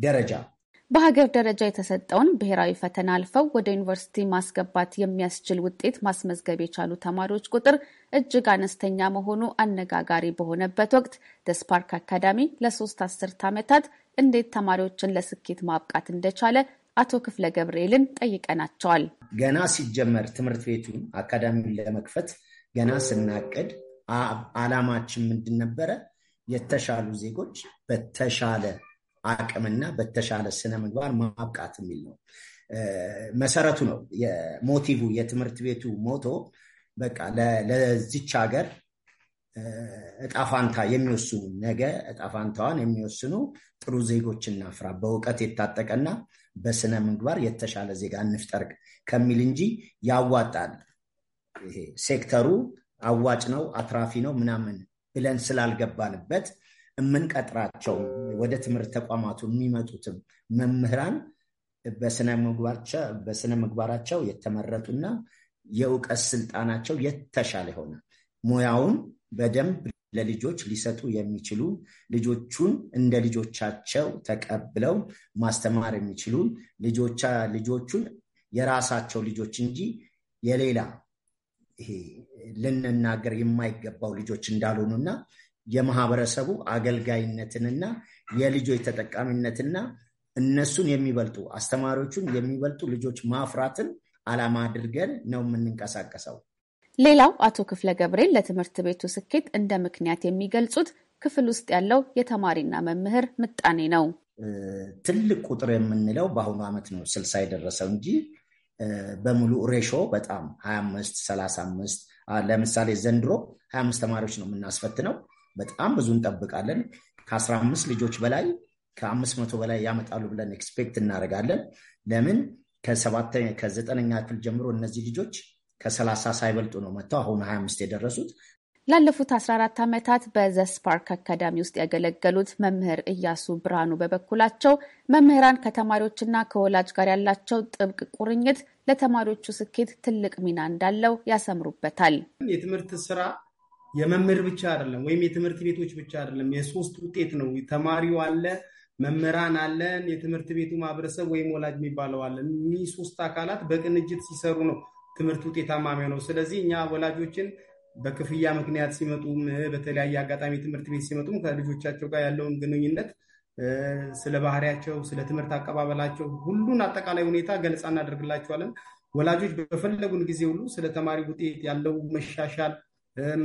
ደረጃ በሀገር ደረጃ የተሰጠውን ብሔራዊ ፈተና አልፈው ወደ ዩኒቨርሲቲ ማስገባት የሚያስችል ውጤት ማስመዝገብ የቻሉ ተማሪዎች ቁጥር እጅግ አነስተኛ መሆኑ አነጋጋሪ በሆነበት ወቅት ደስፓርክ አካዳሚ ለሶስት አስርት ዓመታት እንዴት ተማሪዎችን ለስኬት ማብቃት እንደቻለ አቶ ክፍለ ገብርኤልን ጠይቀናቸዋል። ገና ሲጀመር ትምህርት ቤቱን አካዳሚውን ለመክፈት ገና ስናቅድ አላማችን ምንድን ነበረ? የተሻሉ ዜጎች በተሻለ አቅምና በተሻለ ስነ ምግባር ማብቃት የሚል ነው መሰረቱ ነው የሞቲቭ የትምህርት ቤቱ ሞቶ በቃ ለዚች ሀገር እጣፋንታ የሚወስኑ ነገ እጣፋንታዋን የሚወስኑ ጥሩ ዜጎች እናፍራ፣ በእውቀት የታጠቀና በስነ ምግባር የተሻለ ዜጋ እንፍጠር ከሚል እንጂ ያዋጣል፣ ይሄ ሴክተሩ አዋጭ ነው፣ አትራፊ ነው ምናምን ብለን ስላልገባንበት የምንቀጥራቸው ወደ ትምህርት ተቋማቱ የሚመጡትም መምህራን በስነ ምግባራቸው የተመረጡና የእውቀት ስልጣናቸው የተሻለ የሆነ ሙያውን በደንብ ለልጆች ሊሰጡ የሚችሉ ልጆቹን እንደ ልጆቻቸው ተቀብለው ማስተማር የሚችሉ ልጆቹን የራሳቸው ልጆች እንጂ የሌላ ይሄ ልንናገር የማይገባው ልጆች እንዳልሆኑና የማህበረሰቡ አገልጋይነትንና የልጆች ተጠቃሚነትና እነሱን የሚበልጡ አስተማሪዎቹን የሚበልጡ ልጆች ማፍራትን ዓላማ አድርገን ነው የምንንቀሳቀሰው። ሌላው አቶ ክፍለ ገብርኤል ለትምህርት ቤቱ ስኬት እንደ ምክንያት የሚገልጹት ክፍል ውስጥ ያለው የተማሪና መምህር ምጣኔ ነው። ትልቅ ቁጥር የምንለው በአሁኑ ዓመት ነው ስልሳ የደረሰው እንጂ በሙሉ ሬሾ በጣም 25 35 ለምሳሌ ዘንድሮ 25 ተማሪዎች ነው የምናስፈትነው በጣም ብዙ እንጠብቃለን። ከ15 ልጆች በላይ ከአምስት መቶ በላይ ያመጣሉ ብለን ኤክስፔክት እናደርጋለን። ለምን ከዘጠነኛ ክፍል ጀምሮ እነዚህ ልጆች ከሰላሳ ሳይበልጡ ነው መጥተው አሁን አምስት የደረሱት። ላለፉት 14 ዓመታት በዘስፓርክ አካዳሚ ውስጥ ያገለገሉት መምህር እያሱ ብርሃኑ በበኩላቸው መምህራን ከተማሪዎችና ከወላጅ ጋር ያላቸው ጥብቅ ቁርኝት ለተማሪዎቹ ስኬት ትልቅ ሚና እንዳለው ያሰምሩበታል። የትምህርት ስራ የመምህር ብቻ አይደለም ወይም የትምህርት ቤቶች ብቻ አይደለም፣ የሶስት ውጤት ነው። ተማሪው አለ፣ መምህራን አለን፣ የትምህርት ቤቱ ማህበረሰብ ወይም ወላጅ የሚባለው አለ። እኚህ ሶስት አካላት በቅንጅት ሲሰሩ ነው ትምህርት ውጤታማ የሚሆነው። ስለዚህ እኛ ወላጆችን በክፍያ ምክንያት ሲመጡም በተለያየ አጋጣሚ ትምህርት ቤት ሲመጡም ከልጆቻቸው ጋር ያለውን ግንኙነት ስለ ባህሪያቸው፣ ስለ ትምህርት አቀባበላቸው ሁሉን አጠቃላይ ሁኔታ ገለጻ እናደርግላቸዋለን። ወላጆች በፈለጉን ጊዜ ሁሉ ስለ ተማሪ ውጤት ያለው መሻሻል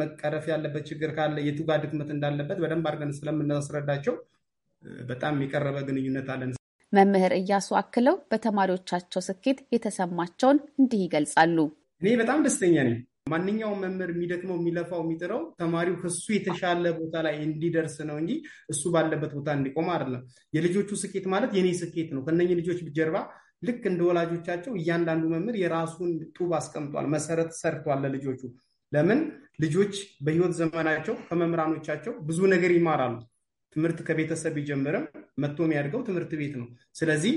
መቀረፍ ያለበት ችግር ካለ የቱ ጋር ድክመት እንዳለበት በደንብ አድርገን ስለምናስረዳቸው በጣም የቀረበ ግንኙነት አለን። መምህር እያሱ አክለው በተማሪዎቻቸው ስኬት የተሰማቸውን እንዲህ ይገልጻሉ። እኔ በጣም ደስተኛ ነኝ። ማንኛውም መምህር የሚደክመው፣ የሚለፋው፣ የሚጥረው ተማሪው ከሱ የተሻለ ቦታ ላይ እንዲደርስ ነው እንጂ እሱ ባለበት ቦታ እንዲቆም አይደለም። የልጆቹ ስኬት ማለት የኔ ስኬት ነው። ከነኚህ ልጆች ጀርባ ልክ እንደ ወላጆቻቸው እያንዳንዱ መምህር የራሱን ጡብ አስቀምጧል፣ መሰረት ሰርቷል ለልጆቹ ለምን ልጆች በህይወት ዘመናቸው ከመምህራኖቻቸው ብዙ ነገር ይማራሉ። ትምህርት ከቤተሰብ ቢጀምርም መጥቶ የሚያድገው ትምህርት ቤት ነው። ስለዚህ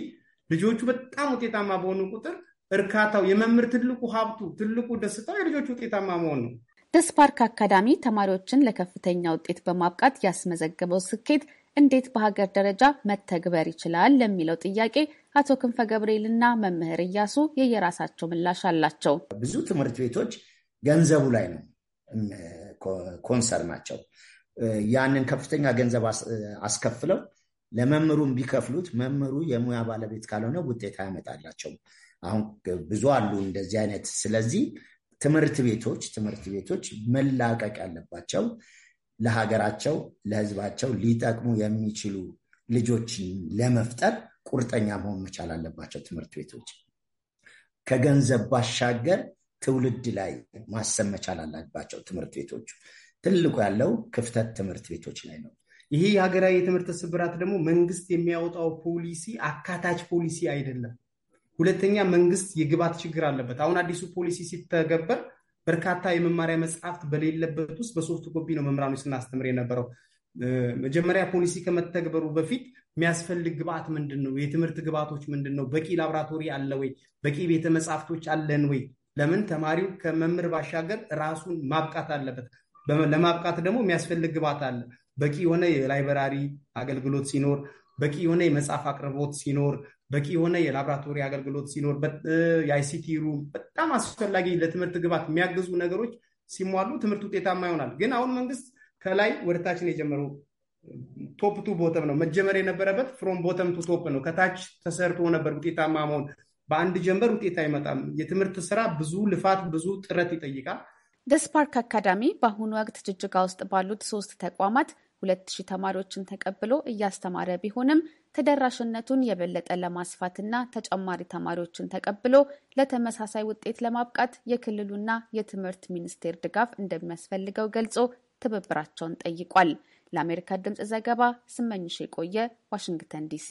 ልጆቹ በጣም ውጤታማ በሆኑ ቁጥር እርካታው የመምህር ትልቁ ሀብቱ ትልቁ ደስታው የልጆቹ ውጤታማ መሆን ነው። ደስፓርክ አካዳሚ ተማሪዎችን ለከፍተኛ ውጤት በማብቃት ያስመዘገበው ስኬት እንዴት በሀገር ደረጃ መተግበር ይችላል ለሚለው ጥያቄ አቶ ክንፈ ገብርኤልና መምህር እያሱ የየራሳቸው ምላሽ አላቸው። ብዙ ትምህርት ቤቶች ገንዘቡ ላይ ነው ኮንሰርናቸው። ያንን ከፍተኛ ገንዘብ አስከፍለው ለመምህሩም ቢከፍሉት መምህሩ የሙያ ባለቤት ካልሆነ ውጤት አያመጣላቸውም። አሁን ብዙ አሉ እንደዚህ አይነት። ስለዚህ ትምህርት ቤቶች ትምህርት ቤቶች መላቀቅ ያለባቸው ለሀገራቸው ለሕዝባቸው ሊጠቅሙ የሚችሉ ልጆችን ለመፍጠር ቁርጠኛ መሆን መቻል አለባቸው ትምህርት ቤቶች። ከገንዘብ ባሻገር ትውልድ ላይ ማሰብ መቻል አለባቸው ትምህርት ቤቶቹ። ትልቁ ያለው ክፍተት ትምህርት ቤቶች ላይ ነው። ይህ የሀገራዊ የትምህርት ስብራት ደግሞ መንግስት የሚያወጣው ፖሊሲ አካታች ፖሊሲ አይደለም። ሁለተኛ መንግስት የግብዓት ችግር አለበት። አሁን አዲሱ ፖሊሲ ሲተገበር በርካታ የመማሪያ መጽሐፍት በሌለበት ውስጥ በሶፍት ኮፒ ነው መምህራኑ ስናስተምር የነበረው። መጀመሪያ ፖሊሲ ከመተግበሩ በፊት የሚያስፈልግ ግብዓት ምንድን ነው? የትምህርት ግብዓቶች ምንድን ነው? በቂ ላብራቶሪ አለ ወይ? በቂ ቤተ መጽሐፍቶች አለን ወይ? ለምን ተማሪው ከመምህር ባሻገር ራሱን ማብቃት አለበት። ለማብቃት ደግሞ የሚያስፈልግ ግባት አለ። በቂ የሆነ የላይበራሪ አገልግሎት ሲኖር፣ በቂ የሆነ የመጽሐፍ አቅርቦት ሲኖር፣ በቂ የሆነ የላብራቶሪ አገልግሎት ሲኖር፣ የአይሲቲ ሩም በጣም አስፈላጊ ለትምህርት ግባት የሚያግዙ ነገሮች ሲሟሉ ትምህርት ውጤታማ ይሆናል። ግን አሁን መንግስት ከላይ ወደታችን የጀመረው ቶፕ ቱ ቦተም ነው። መጀመር የነበረበት ፍሮም ቦተም ቱ ቶፕ ነው። ከታች ተሰርቶ ነበር ውጤታማ መሆን በአንድ ጀንበር ውጤት አይመጣም። የትምህርት ስራ ብዙ ልፋት፣ ብዙ ጥረት ይጠይቃል። ደስፓርክ አካዳሚ በአሁኑ ወቅት ጅጅጋ ውስጥ ባሉት ሶስት ተቋማት ሁለት ሺህ ተማሪዎችን ተቀብሎ እያስተማረ ቢሆንም ተደራሽነቱን የበለጠ ለማስፋትና ተጨማሪ ተማሪዎችን ተቀብሎ ለተመሳሳይ ውጤት ለማብቃት የክልሉና የትምህርት ሚኒስቴር ድጋፍ እንደሚያስፈልገው ገልጾ ትብብራቸውን ጠይቋል። ለአሜሪካ ድምፅ ዘገባ ስመኝሽ የቆየ ዋሽንግተን ዲሲ።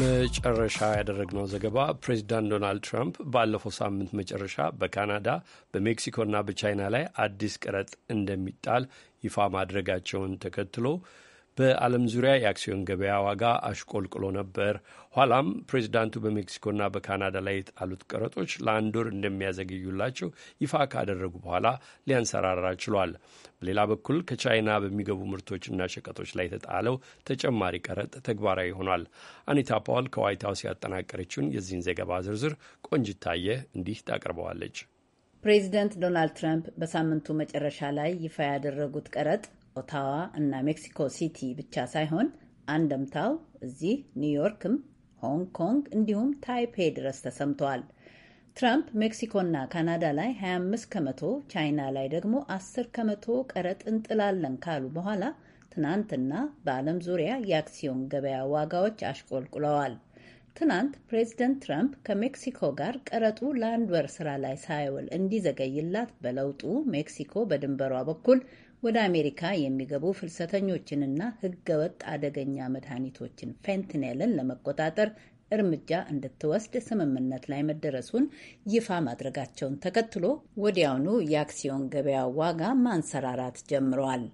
መጨረሻ ያደረግነው ዘገባ ፕሬዚዳንት ዶናልድ ትራምፕ ባለፈው ሳምንት መጨረሻ በካናዳ በሜክሲኮና በቻይና ላይ አዲስ ቀረጥ እንደሚጣል ይፋ ማድረጋቸውን ተከትሎ በዓለም ዙሪያ የአክሲዮን ገበያ ዋጋ አሽቆልቅሎ ነበር። ኋላም ፕሬዚዳንቱ በሜክሲኮና በካናዳ ላይ የጣሉት ቀረጦች ለአንድ ወር እንደሚያዘገዩላቸው ይፋ ካደረጉ በኋላ ሊያንሰራራ ችሏል። በሌላ በኩል ከቻይና በሚገቡ ምርቶችና ሸቀጦች ላይ የተጣለው ተጨማሪ ቀረጥ ተግባራዊ ሆኗል። አኒታ ፓውል ከዋይት ሀውስ ያጠናቀረችውን የዚህን ዘገባ ዝርዝር ቆንጅታየ እንዲህ ታቀርበዋለች። ፕሬዚደንት ዶናልድ ትራምፕ በሳምንቱ መጨረሻ ላይ ይፋ ያደረጉት ቀረጥ ኦታዋ እና ሜክሲኮ ሲቲ ብቻ ሳይሆን አንደምታው እዚህ ኒውዮርክም፣ ሆንግ ኮንግ እንዲሁም ታይፔ ድረስ ተሰምተዋል። ትራምፕ ሜክሲኮና ካናዳ ላይ 25 ከመቶ ቻይና ላይ ደግሞ 10 ከመቶ ቀረጥ እንጥላለን ካሉ በኋላ ትናንትና በዓለም ዙሪያ የአክሲዮን ገበያ ዋጋዎች አሽቆልቁለዋል። ትናንት ፕሬዚደንት ትራምፕ ከሜክሲኮ ጋር ቀረጡ ለአንድ ወር ስራ ላይ ሳይውል እንዲዘገይላት በለውጡ ሜክሲኮ በድንበሯ በኩል ወደ አሜሪካ የሚገቡ ፍልሰተኞችንና ህገወጥ አደገኛ መድኃኒቶችን ፌንትኔልን ለመቆጣጠር እርምጃ እንድትወስድ ስምምነት ላይ መደረሱን ይፋ ማድረጋቸውን ተከትሎ ወዲያውኑ የአክሲዮን ገበያ ዋጋ ማንሰራራት ጀምረዋል።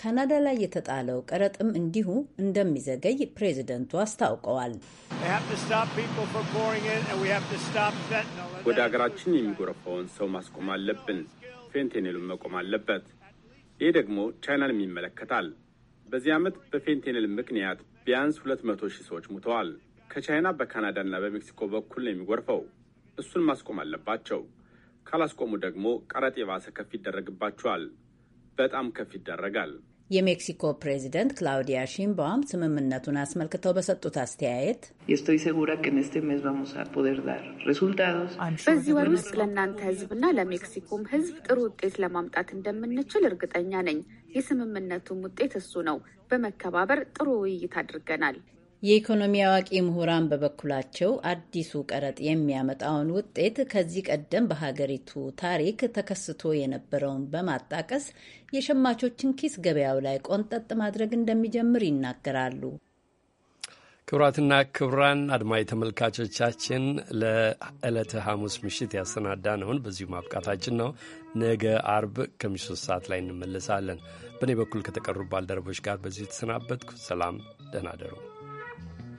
ካናዳ ላይ የተጣለው ቀረጥም እንዲሁ እንደሚዘገይ ፕሬዚደንቱ አስታውቀዋል። ወደ ሀገራችን የሚጎረፋውን ሰው ማስቆም አለብን። ፌንቴኔሉን መቆም አለበት። ይህ ደግሞ ቻይናንም ይመለከታል። በዚህ ዓመት በፌንቴኔል ምክንያት ቢያንስ ሁለት መቶ ሺህ ሰዎች ሙተዋል። ከቻይና በካናዳና በሜክሲኮ በኩል ነው የሚጎርፈው። እሱን ማስቆም አለባቸው። ካላስቆሙ ደግሞ ቀረጥ የባሰ ከፍ ይደረግባቸዋል። በጣም ከፍ ይደረጋል። የሜክሲኮ ፕሬዚደንት ክላውዲያ ሺምባም ስምምነቱን አስመልክተው በሰጡት አስተያየት በዚህ ወር ውስጥ ለእናንተ ሕዝብና ለሜክሲኮም ሕዝብ ጥሩ ውጤት ለማምጣት እንደምንችል እርግጠኛ ነኝ። የስምምነቱም ውጤት እሱ ነው። በመከባበር ጥሩ ውይይት አድርገናል። የኢኮኖሚ አዋቂ ምሁራን በበኩላቸው አዲሱ ቀረጥ የሚያመጣውን ውጤት ከዚህ ቀደም በሀገሪቱ ታሪክ ተከስቶ የነበረውን በማጣቀስ የሸማቾችን ኪስ ገበያው ላይ ቆንጠጥ ማድረግ እንደሚጀምር ይናገራሉ። ክቡራትና ክቡራን አድማጭ ተመልካቾቻችን ለዕለተ ሐሙስ ምሽት ያሰናዳ ነውን በዚሁ ማብቃታችን ነው። ነገ አርብ ከምሽቱ ሰዓት ላይ እንመለሳለን። በእኔ በኩል ከተቀሩ ባልደረቦች ጋር በዚሁ የተሰናበትኩ። ሰላም፣ ደህና ደሩ።